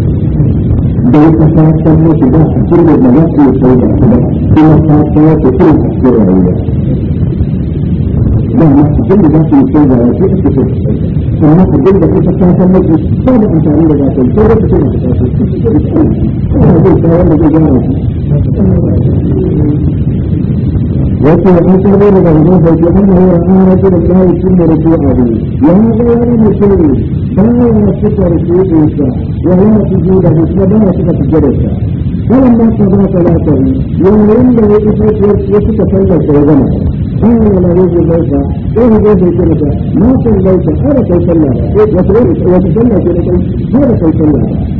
da wata sashen mashi ba su cire da za su yi sauya da ba kuma sashen wata irin su cire rayuwa ba da za su yi sauya ya ce su amma da kusa mashi ba da amfani da zafin sai wata cire da sashen su da kuma su wato an da gangan sauki an da hawa an rasu da kawo cin da rasu abu ya haɗa wani mutum bayan ya suka rasu ɗinsa ya yi masu ji da kuma bayan suka fi jadarsa wannan ba su zama talata yayin da ya isa ya suka canza sai zama bayan yana yake bauta sai ya zai sai mata na san bauta har da kai sallah wato sallah ce da kai da kai sallah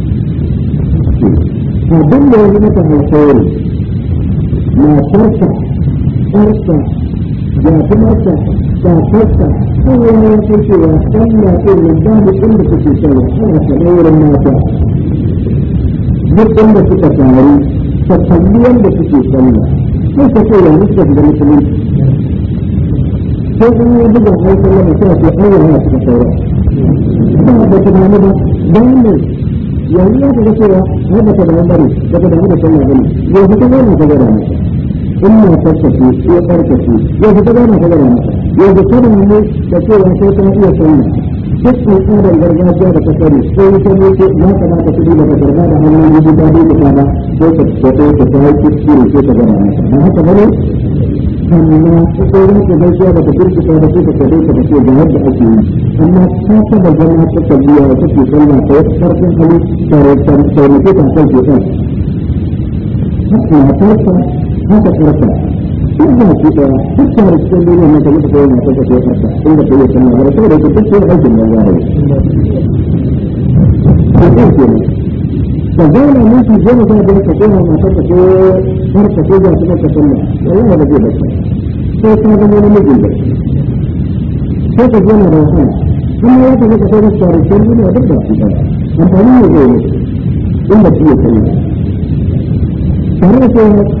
to duk da wani mata alkhairi matarsa ɗarsa jafimarsa shafarsa kowa ya san cewa ɗan na tsoron babu inda suke shawa ana kamar mata duk da suka taru ta kalli wanda suke sai ta ce ya nufin da musulunci sai kuma ya buga haifar da mutum a ce an yana suka saura ba da tunanin ba don ne yanzu ya kaga cewa wadda ta da wani daga da wani sallah bane ya fita ba na kaga rana in na tsaftace ya tsarkace ya fita ba na kaga rana yanzu karin ne da cewa sai ta iya sallah duk al'adar gargajiya da ta sani ko ta mutu ya kamata su duba takarda da hannun yi daɗi da ta ba sai ta ta ta ta yi kiri sai ta gara gana masa haka bane amma kusurin ka gaisuwa ba ta firkita ba sai ka kade ka ba sai ga yadda ake yi amma ta taba zama ta tabiya da take sallah ta yi karfin hali taimake ta kan shekan haka matarsa haka karfa duk da ke da duk da cikin duniya na kamar ta yi matarsa ta yi karfa inda ta yi sallah ba saboda ita duk sai aikin da za a yi. ka zauna mun su je da ka zauna ma ka so har ta so ga kuma ka sanna wallahi ba zai baka sai ka ga wani mijin ba sai ka zauna da wahala kuma ya ka ga sai ka tsare shi ne da shi ba amfani ne ne inda shi ya kai tare da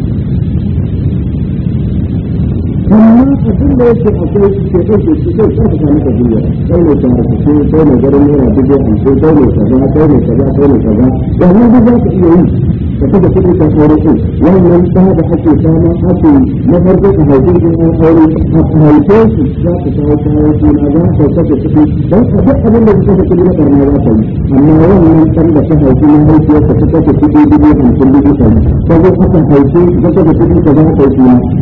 abin da yake ce a kai shi ke ɗauke shi zai ƙarfafa maka duniya kai ne tare da kai ne garin naira dubu hamsin kai ne kaza kai ne kaza kai ne kaza wannan duk za ka iya yi tafi da kuɗi kan aure ɗin wannan ba da ake fama ake na farko ka haife shi an aure a haife shi za ka kawo kawo juna za ka saka kuɗi don a duk abin da kuka kuɗi na ƙarni za ka yi amma wannan ɗan da ka haife na haife ka ta saka kuɗi dubu hamsin dubu ɗari ka zo aka haife ka saka kuɗi ka za ka yi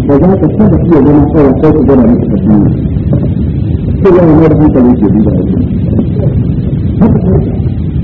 ba za ka saba iya zama kawai ko ka gana maka Kowa ya hankali a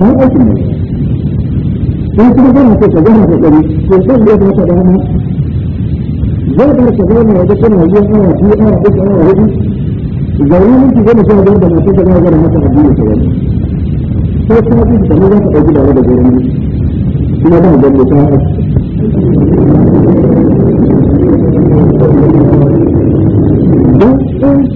kan aikin ne in kuma zan mutu ka zama kokari to zan iya baka dama zan bar ka zama wajen kana yi ana biyu ana uku ana hudu zaune miki goma sha biyar da masu da zama mata addini ta wani ko kuma zai kamar za ka ɗauki da wani da gurin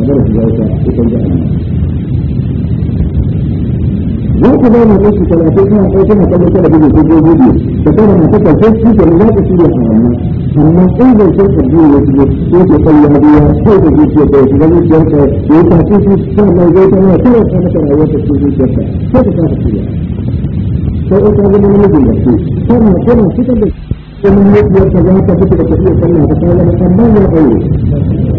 game da shiga wuta cikin jahannama za ku ba mu kashi talatin ina kai kana kallon talabijin ko gobe da kana na takar sai shi ke za ka shirya a wannan amma in zai sai ka biyo wasu ne ko ke kalli hadiya ko ka zuciya da wasu ganin ciyar ka ya tafi shi sa mai zai ta nuna kawai ta masa rayuwar ta ko zuciyar ka sai kasa shirya sai in ka zama namijin da su kana kana fitar da kuma mutuwar ka za ka fita da tafiyar sallah ka kawo na kan bayan aure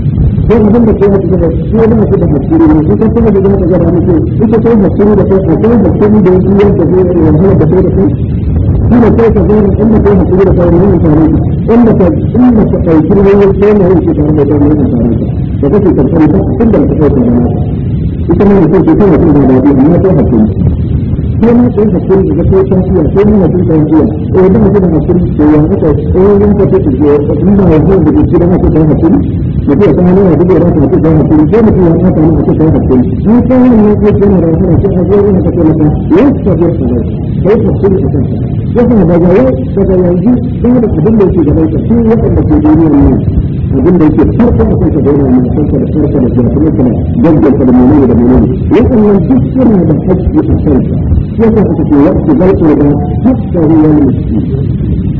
don abin da ke wata gaba shi wani masu da masiri ne shi kuma da mutum ya a nuna duk da zaka mutum dan hakuri sai mutum ya saka maka cikin hakuri shi ko wannan ne ke cewa da wannan cikin hakuri ne take maka ya tafi su ne sai ta sun ta kan ya kuma da gawa ta da yanzu sai da kudin da yake gaba shi wanda ke duniyar ne abin da yake farko da kanka da wannan kanka da kanka da kuma da kanka gaggauta da menene da menene kuma duk suna da hakki a kanka sai kuma ce wacce zai ce da hakki da wannan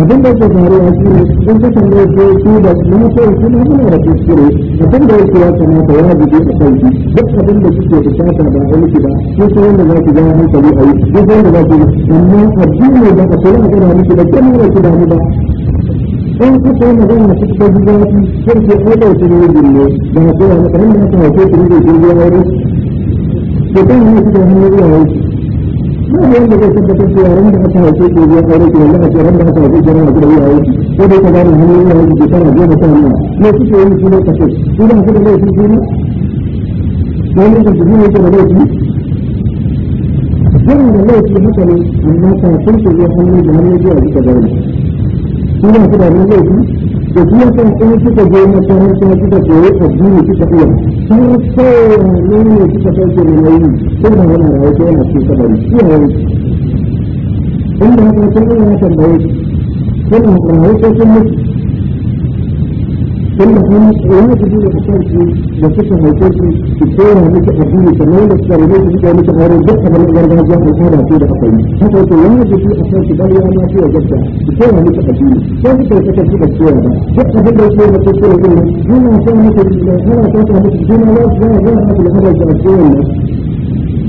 abin da ke faruwa ya ne sun fi kan yau sai su da su na sai su na suna da kuskure abin da yake ya kamata ya buɗe a kai duk abin da suke bukata ba a miki ba sun san yadda za ki ga hankali a yi sun san yadda za ki amma addini ba a sai magana miki ba kenan ba ki damu ba in kuka yi magana su cikin gidanci sai ke ɗaukar su ne gille da na kowa na ƙarfin da aka hauke su ne da jirgin aure. Ke kan yi su da hannun iyayensu ne wanda zai tabbatar cewa ran da aka haife ke ya fara ke wanda aka ran da aka haife ke ran da iyaye ko dai ka gane hannun iyaye ke tana goma ta hannun ne kuke yin shi ne kaso su da kuka zai sun ne wani da su ne ke da laifi yana da laifi haka ne amma kafin ke ya hannun da hannun iyaye su da kuka da da kuma kan kuma kika je masallaci na kika koyi addini kika iya har sai ne ne sauke na nauyi sai da wani rayu sai yana ta sabari shi ne inda haka sai ina tambaye kuna rayu sai mutu sun mutum wani su ji da kansu da suka haife su su tsora miki addini kamar da suka rubuta suka miki aure duk kamar ko ce da haka to wani a kansu dan ya ce ya gaskiya su tsora miki addini sai suka saka su da tsora ba duk abin da yake da tsora din yana son miki da yana son miki yana miki da da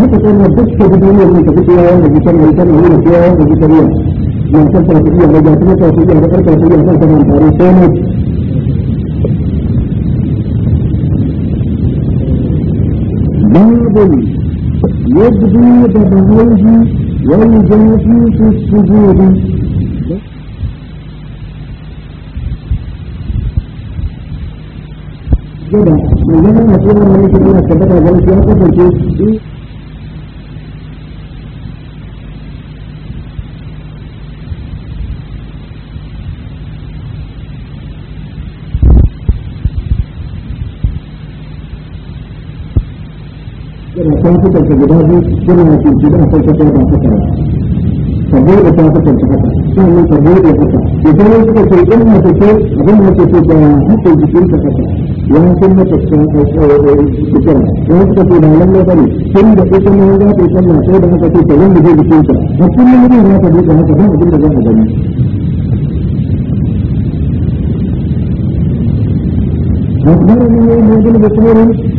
Muchos son los que tenían mucho que tenía donde quitar el entorno, uno que donde quitaría. Y entonces lo pedían, lo llamó, lo pedían, lo de lo pedían, lo pedían, lo pedían, باب que بدويه shafukan guda biyu suna cuci da akwai ba ka bude haka sannan ka bude haka suka ce in ce abin da ce ba hakan jikin ka ya san ya suka ce ba da ta yi sai da haka ce zai jikin ka a ne bude haka ba abin da za gani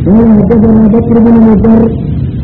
أخبرني حدثنا بكر بن مضر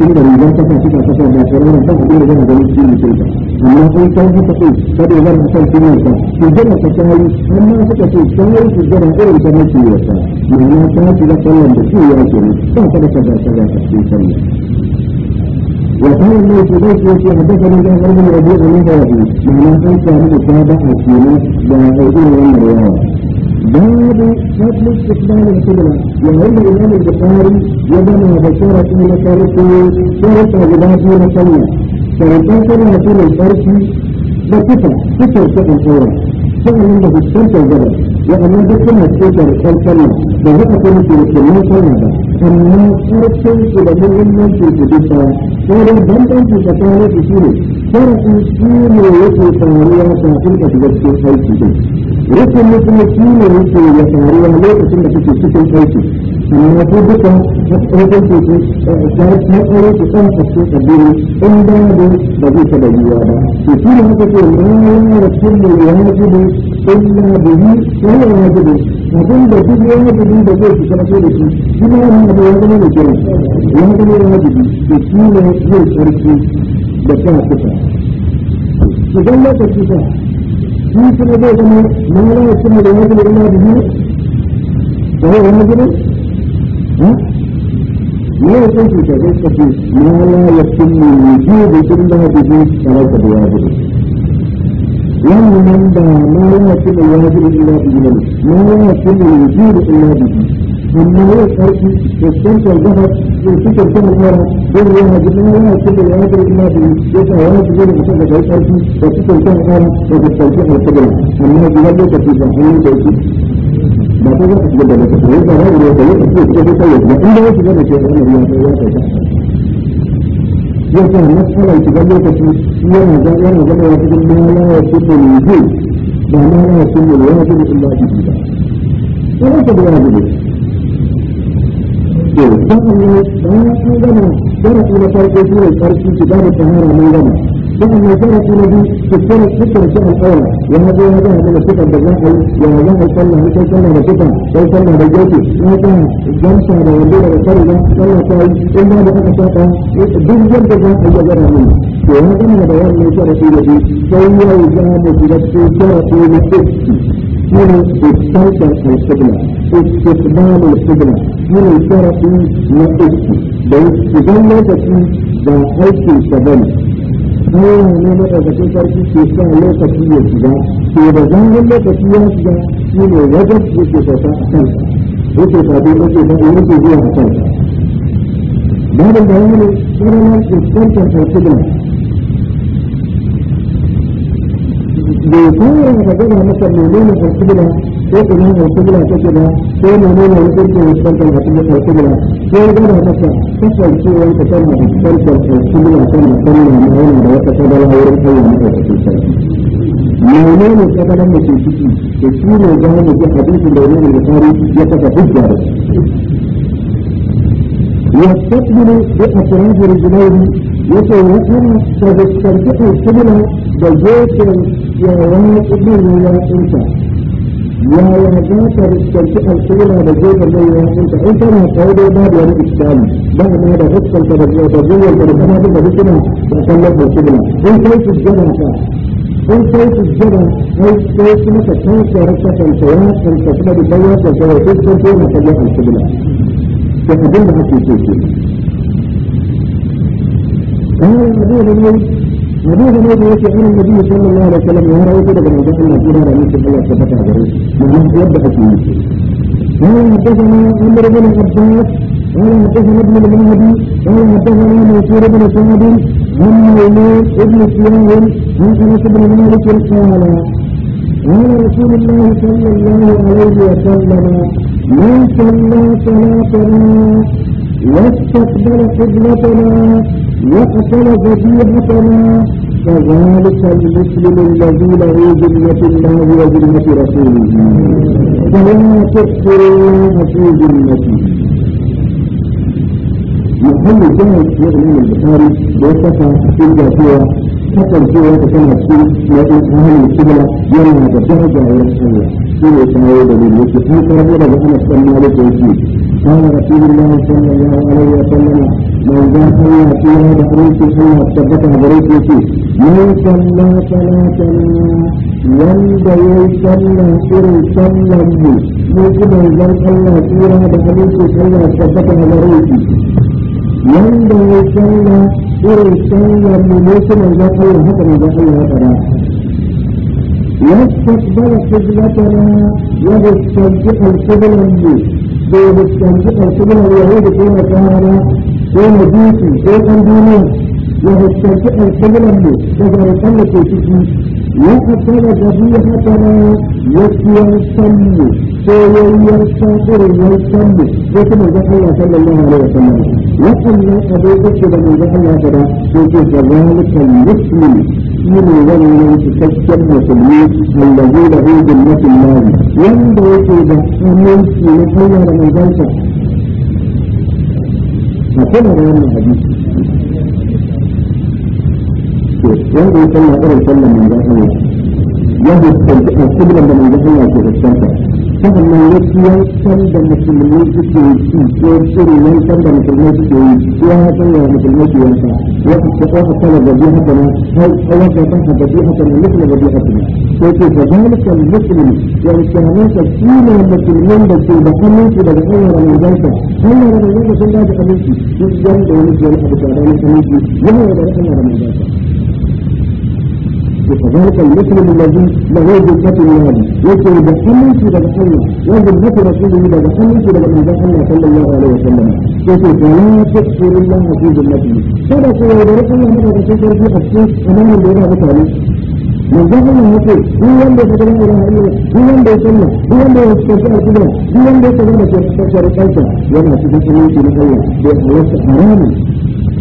cikin da se ta kanci ta de da tsoro da no la que ya وقال الله الله من باب فضل استقبال القبلة وعند الإمام البخاري يبنى بشرة مشاركه شرط واجبات مصلى شرطات الرسول الفرشي بكفر كفر سقى الأولى سقى عنده الشرط الجبل waɗannan duk suna ce karshen sallah da haka kuma ke musulman sallah ba amma sarkin su da muhimmanci su duk sawa sauran bambanci tsakanin su shine sarkin shi ne yake faruwa kafin ka shiga cikin aiki din rikin musulunci ne yake ya faruwa lokacin da kake cikin aiki sannan ya dukkan hukunci su na tsaro su san in babu ba zai yiwa ba to shi ne haka ce ma ya rasullu ya wajibu illa bihi wa ya wajibu abin da duk ya da zai fita so da shi shi ma ya wajibu ya zama da kiran ya zama ya shi ne zai tsarki da sa kusa idan lokaci sa shi kuma zai zama da ya ya ما amma ya sarki da tsantar gaba da cikin kuma mara don ya haji kuma ya da ya ya da sarki da cikin kuma da cikin kuma amma da ba ta zaka shigar da ba ta so da ba ne da yake ta yadda in da yake da ce ta ne ya ya ta ya ta na tsara ki ga lokaci yana da yana da cikin mala ya ce to zai ba mala ya ce ne ya ce in ba ba wannan ta ya ji to dan Allah dan Allah gana gana ina farko sun yi shi rasu na biyu su kira su kira shi alƙawar ya haɗe ya haɗe da sukan da za a yi ya haɗe a tsalla kai tsalla da sukan kai tsalla da gaske ya ta gamsa da wanda da kare ya tsalla ta yi in ba da aka saka duk yadda za a yi a gara mai to ya haɗe da wani mai kira shi da shi sai ya yi ga da shi da su kira su na kai shi ne istansar al-sigla istisbal al-sigla shi ne kira su na kai shi don idan lokaci ba aikin sa bane Allah ne madaukakin sarki ke sa lokaci ya shiga ke da zangon lokaci ya shiga shi ne wajen da ke sauka a kansa yake sabi yake da yake zuwa a kansa babin bayani tsananan fuskantar alkibla bai fara da gaba masa menene alkibla ko ina alkibla take ba ko menene yake fuskantar alkibla sai ga da kasa kasancewar ka tana fuskantar sarki muna kan musamman yana da wata sadara wurin Allah da ɗaukacin sarki mene ne sadaran da ke ciki da shi ne za mu ji hadisin da wani da tari ya kafa hujja da yastaqbilu bi asrari rijlaihi yake yana da fuskantar kibla da gefen ya wani ibn ya tsinta ya ya za ka fuskanci alƙibla da gefen mai yawon ta in kana tsaye da babu wani iskali ba ma da fuskanta da zuwa da zuwa da kuma duka duk suna da kallon alƙibla in kai fuskanta ka in kai fuskanta kai kai su maka tantar ka tantar ya tantar kuma da sauran tantar ya fuskanta yana kallon alƙibla da abin da ake so ke. Wani abin da وهذا ما يجي عن النبي صلى الله عليه وسلم وهذا يقول لك ما تقول لك هذا الله سبحانه وتعالى الله من يبدأ فيه قال حدثنا عمر بن عباس قال حدثنا ابن المهدي قال حدثنا منصور بن سعد عن مولود ابن سياح عن انس بن مالك قال قال رسول الله صلى الله عليه وسلم من صلى صلاتنا واستقبل قبلتنا يحسب فيه حسنا فذلك المسلم الذي له ذمة الله وذمة رسوله فلا تكفر الله في ذمته محل الجهل في الإمام البخاري وصفها في الجافية حسن في وقت كان مسؤول لكن أهل القبلة يرى هذا الجهل على رسول الله في الإسلام والدليل وفي أنكر هذا أنا أسلم عليك وجيه قال رسول الله صلى الله عليه وسلم من ذا فيها بحريك الله ثبتها بريك من صلى صلاتنا wanda ya yi sallah irin sallan mu mu ji manzon Allah tsira da halittu sallah tabbata a gare shi wanda ya yi sallah irin sallan mu mu يستقبل قبلتنا ويستنطق القبلة دي ويستنطق القبلة اليهود كما كان كما ديتي كما ديني ويستنطق القبلة دي كما يصلي في Yaki tsada da biyu haka na yakiwar can mu tsoron yake na yaki da heban yakin yanka wanda ya sallah irin sallan manzon Allah ya fuskanci a kiblan da manzon Allah ke fuskanta saboda nan ya da musulmai suke ci ko cire yankan da musulmai suke yi ya ke yanka ya fuskanta a kala haka nan da haka nan haka nan ce zalika ya da ke da aminci daga hanyar manzanka sun aminci duk wanda wani ke wani abu وكذلك المسلم الذي له دقة من هذا يكون بحمل في ذلك الله وذمة رسوله إذا بحمل في ذلك الله صلى الله عليه وسلم يكون فلا تكسر الله في ذمته فلا سوى ذلك الله من هذا الشيء في حسين أمام الله تعالى من ذهب من يقول هو ينبغي تتبع إلى الله هو ينبغي يسلم هو ينبغي يستشعر كبرى هو ينبغي تتبع يستشعر كيفه ولا تتبع في نحوه بحياة حرام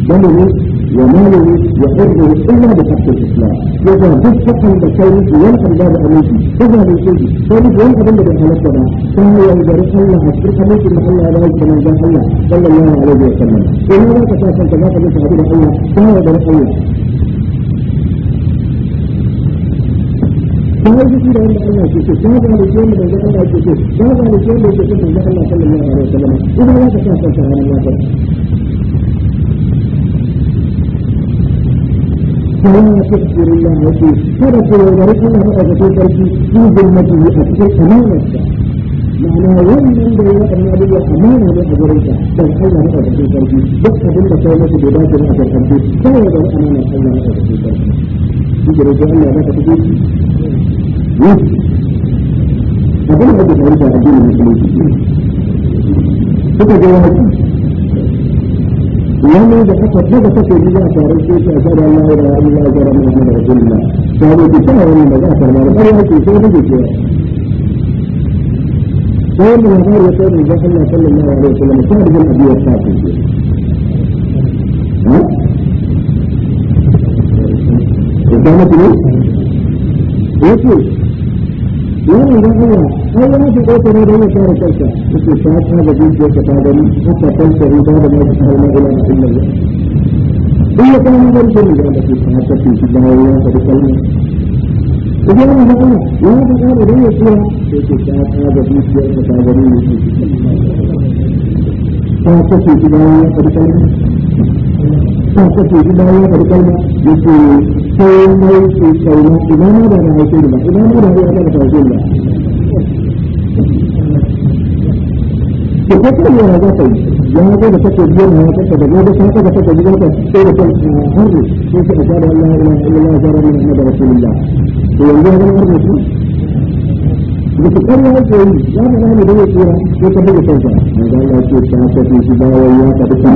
بل وماله يحبه إلا بحق الإسلام إذا جد حقا بكيرك ينقل باب أميكي إذا من شيء فلك ينقل باب حالتك ثم يجرس الله أشرك منك إن الله لا يجب من ذا الله صلى الله عليه وسلم إن لا تشاكل كما قلت حبيب الله فهو يجرس الله kamar jiki da wanda Allah ke so ta ga da ke wanda Allah ke so ta ga da ke wanda ke so manzo Allah sallallahu alaihi wasallam idan ya ka sa sa ranar شهوة تكسر الله وفيه شرف ويبارك الله أبدا تركي في ظلمته أكثر أمانة معنى ومن بين النبي أمانة لأجريك بل الله أبدا تركي بقى بلد كلمة بباك أبدا تركي فهو بل أمانة الله أبدا تركي يجري جعلنا لك تكيكي أبدا تركي أجيب المسلمين فكذا يهدي wani da aka daga take ji za a tare shi shi a shaɗa Allah ya rayu Allah ya zara mana da Rasulullah sabo ki ta wani da za a tare da ƙarya ce sai take cewa sai da labari ya sai da Allah sallallahu alaihi wasallam sai da ha ko ne yana dan Allah ai ya shi dauka ne da ya fara kansa yake ta ta da dukiyar ta gani haka kansa riba da mai ta halma ila na Allah in ya kuma da shi da ta shi ya ta da kalma idan mun ga Allah ya ga da da ya tsira yake ta ta da dukiyar ta gani ne ta shi ya ta da kalma son sake shi no, ya karɓi kalma yake no, mai ke kauna ina no, da na haife ba no, ma da ya ta no, ba da kake yi no, ya no, da take biyan ya no, da gobe sai ka no, take biyan ka sai no, No, harbi no ka no, da Allah ila ila no, min Muhammad rasulullah to no, ga harbi shi da no, kan yake yi ya no, no, no, no,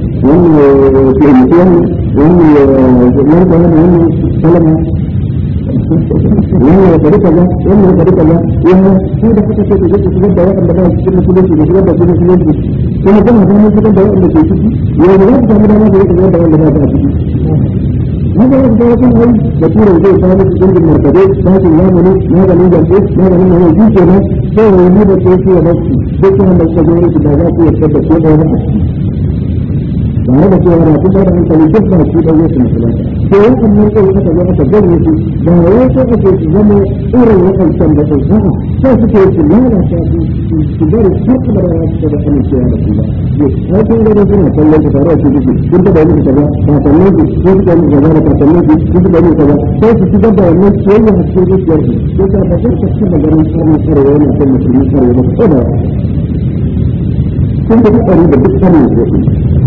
وهم يهمتهم وهم يجبنون كمان وهم يتكلموا وهم طريق الله وهم طريق الله وهم كل حتى شيء يجب تجد واحد بدل كل كل شيء يجب كل شيء يجب كما كنا كنا نجد واحد شيء ويريد تعمل ما يريد يجب واحد ما يريد هذا يبدو أن أي يكون وجود ثابت جنب المرتبات ذات اليمن ماذا من الإس ماذا من هو يوجد هنا سوى يميد الشيء في نفسه ذكر من الشجرة في الدعوات يتبت يده game da cewa na fitar da hankali duk da shi da yesu musulunci to wannan ne sai aka ga aka gani shi da wai sai ake su zama irin wakancan da sun sa'a sai suke su lalata su su bari su da rana su da kanin cewa da su ba ya kun ga da suna kallon su da duk da wani ba ko da duk da wani sai su shigar da wannan cewa a cikin zuciyar su ta ba garin samun sarewa ne kan musulmi ko kun da duk da duk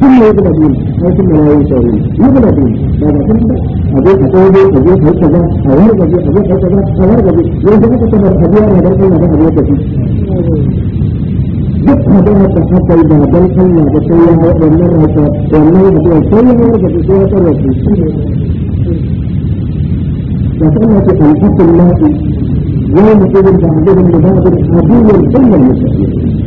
ثم يبلغون ثم لا يشعرون يبلغون ماذا تنبع أبيك أتوبي أبيك هكذا أوارد أبيك أبيك هكذا أوارد أبيك يجب أن تتبع أبيك أنا بلقل هذا أبيك فيه duk magana ta haka da don Allah da sai ya haɗa wannan haka wannan da ya sai ya haɗa da sai ya tsara su shi ne da Allah ta alhaƙin lafi wani mutum da hajjabin da ba da hajjabin da ba da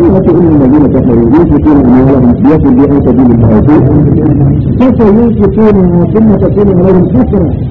كلمة إن الذين كفروا ينفقون أموالهم ليصل بأن سبيل الله سوف ينفقونها ثم تكون عليهم حسرة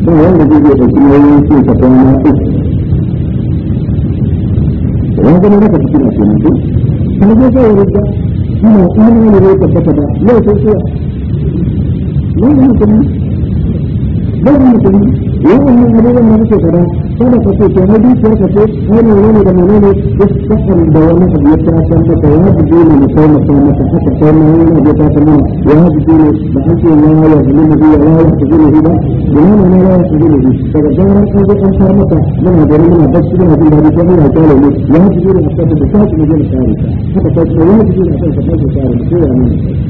shi ne wanda zai da shi yayin su ka san na su idan gani maka cikin ashe ne su kuma zai sai rubda ina imani ne da tabbata da yau sai sai ne ne mutum ne ne mutum ne wannan ne da nake kada kuma ka ce ke na dukiyar ka ce wani wani da mana ne da wani abu ya ta san maka ya ji ne mai sai maka ta haka sai na wani ya ta san mana ya ji ne da ake ya ya zama mu ya ya ta ji ne ba da mana ya ta ji ne daga zaran sai da kan fara mata muna da muna da da jin dadi ko muna kare ne ya ji ne a ta ta ta ji ne sai sai ya ji ne a ta ta ta ji ne ko ya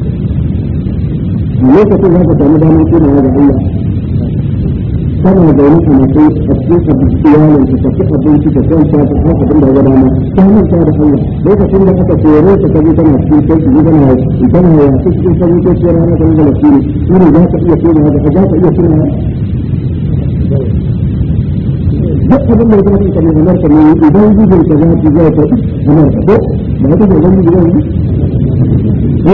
lokacin za ka samu damar kuma ga Allah tana da wani kanakai a cikin abinci yawon tafi abinci da kan ta ta har abin da ya dama ta manta da Allah lokacin da aka tsoro ta kaje tana cikin sai ki tana tana ya cikin sai ko sai rana ta zama shi ne za ka iya komawa ga za ka iya komawa duk abin da ya kamata ka mai hamarta ne idan gudun ka za ki zai ta hamarta ko ba ta da wani gudun ne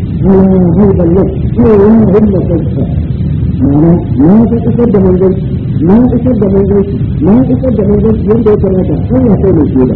juyin jirgin yau juyin yadda sauka mana na ta isar da manzanci na isar da manzanci na isar da manzanci yadda ya kamata Allah sai mai shaida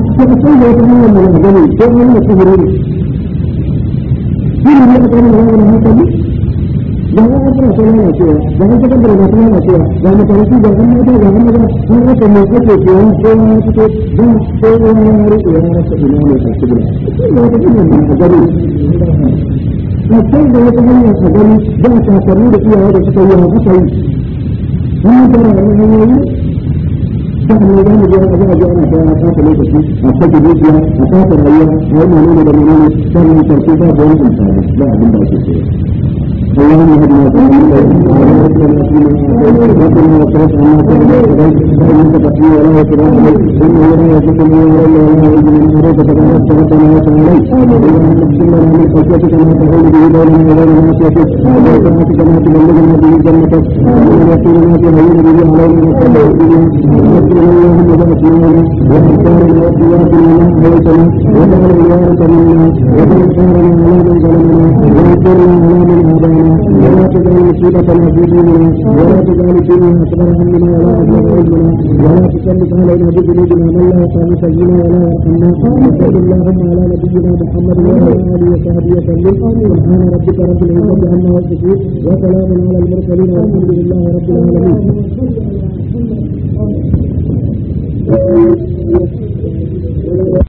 فتصور يتمنى que no yo yo kan ne za mu je a jiha ana ta kasa lokaci a sake dukiya a kasa rayuwa a yi nuna da nuna sannan sarki ba da wani tsare ba abin da ake so اللهم اهدنا فيمن هديت وقنا واصرفنا فيما قضيت فانك تقضي ولا يقضى عليك انه لا يزيد من ولا ولا يزيد من اراد فقد اصبحت ما عليك اللهم اقسم لنا من خشيتك ما تحول به بيننا وبين معصيتك ومن طاعتك ما تبلغنا به جنتك ومن يقين ما تهون به علينا وتقبل به واغفر اللهم ذنوبنا وافكارنا واختيارنا ما احييتنا وجعل الوارث منا وجعل ثارنا على من ظلمنا وانصرنا على من هدانا علينا ولا تجعل مصيبتنا في ديننا ولا تجعل فينا اكبر همنا ولا مبلغ علمنا ولا تسلط علينا بذنوبنا من لا يخافك فينا ولا يرحمنا وصل اللهم على نبينا محمد وعلى اله وصحبه وسلم سبحان ربك رب العزه عما يصفون وسلام على المرسلين والحمد لله رب العالمين Thank you.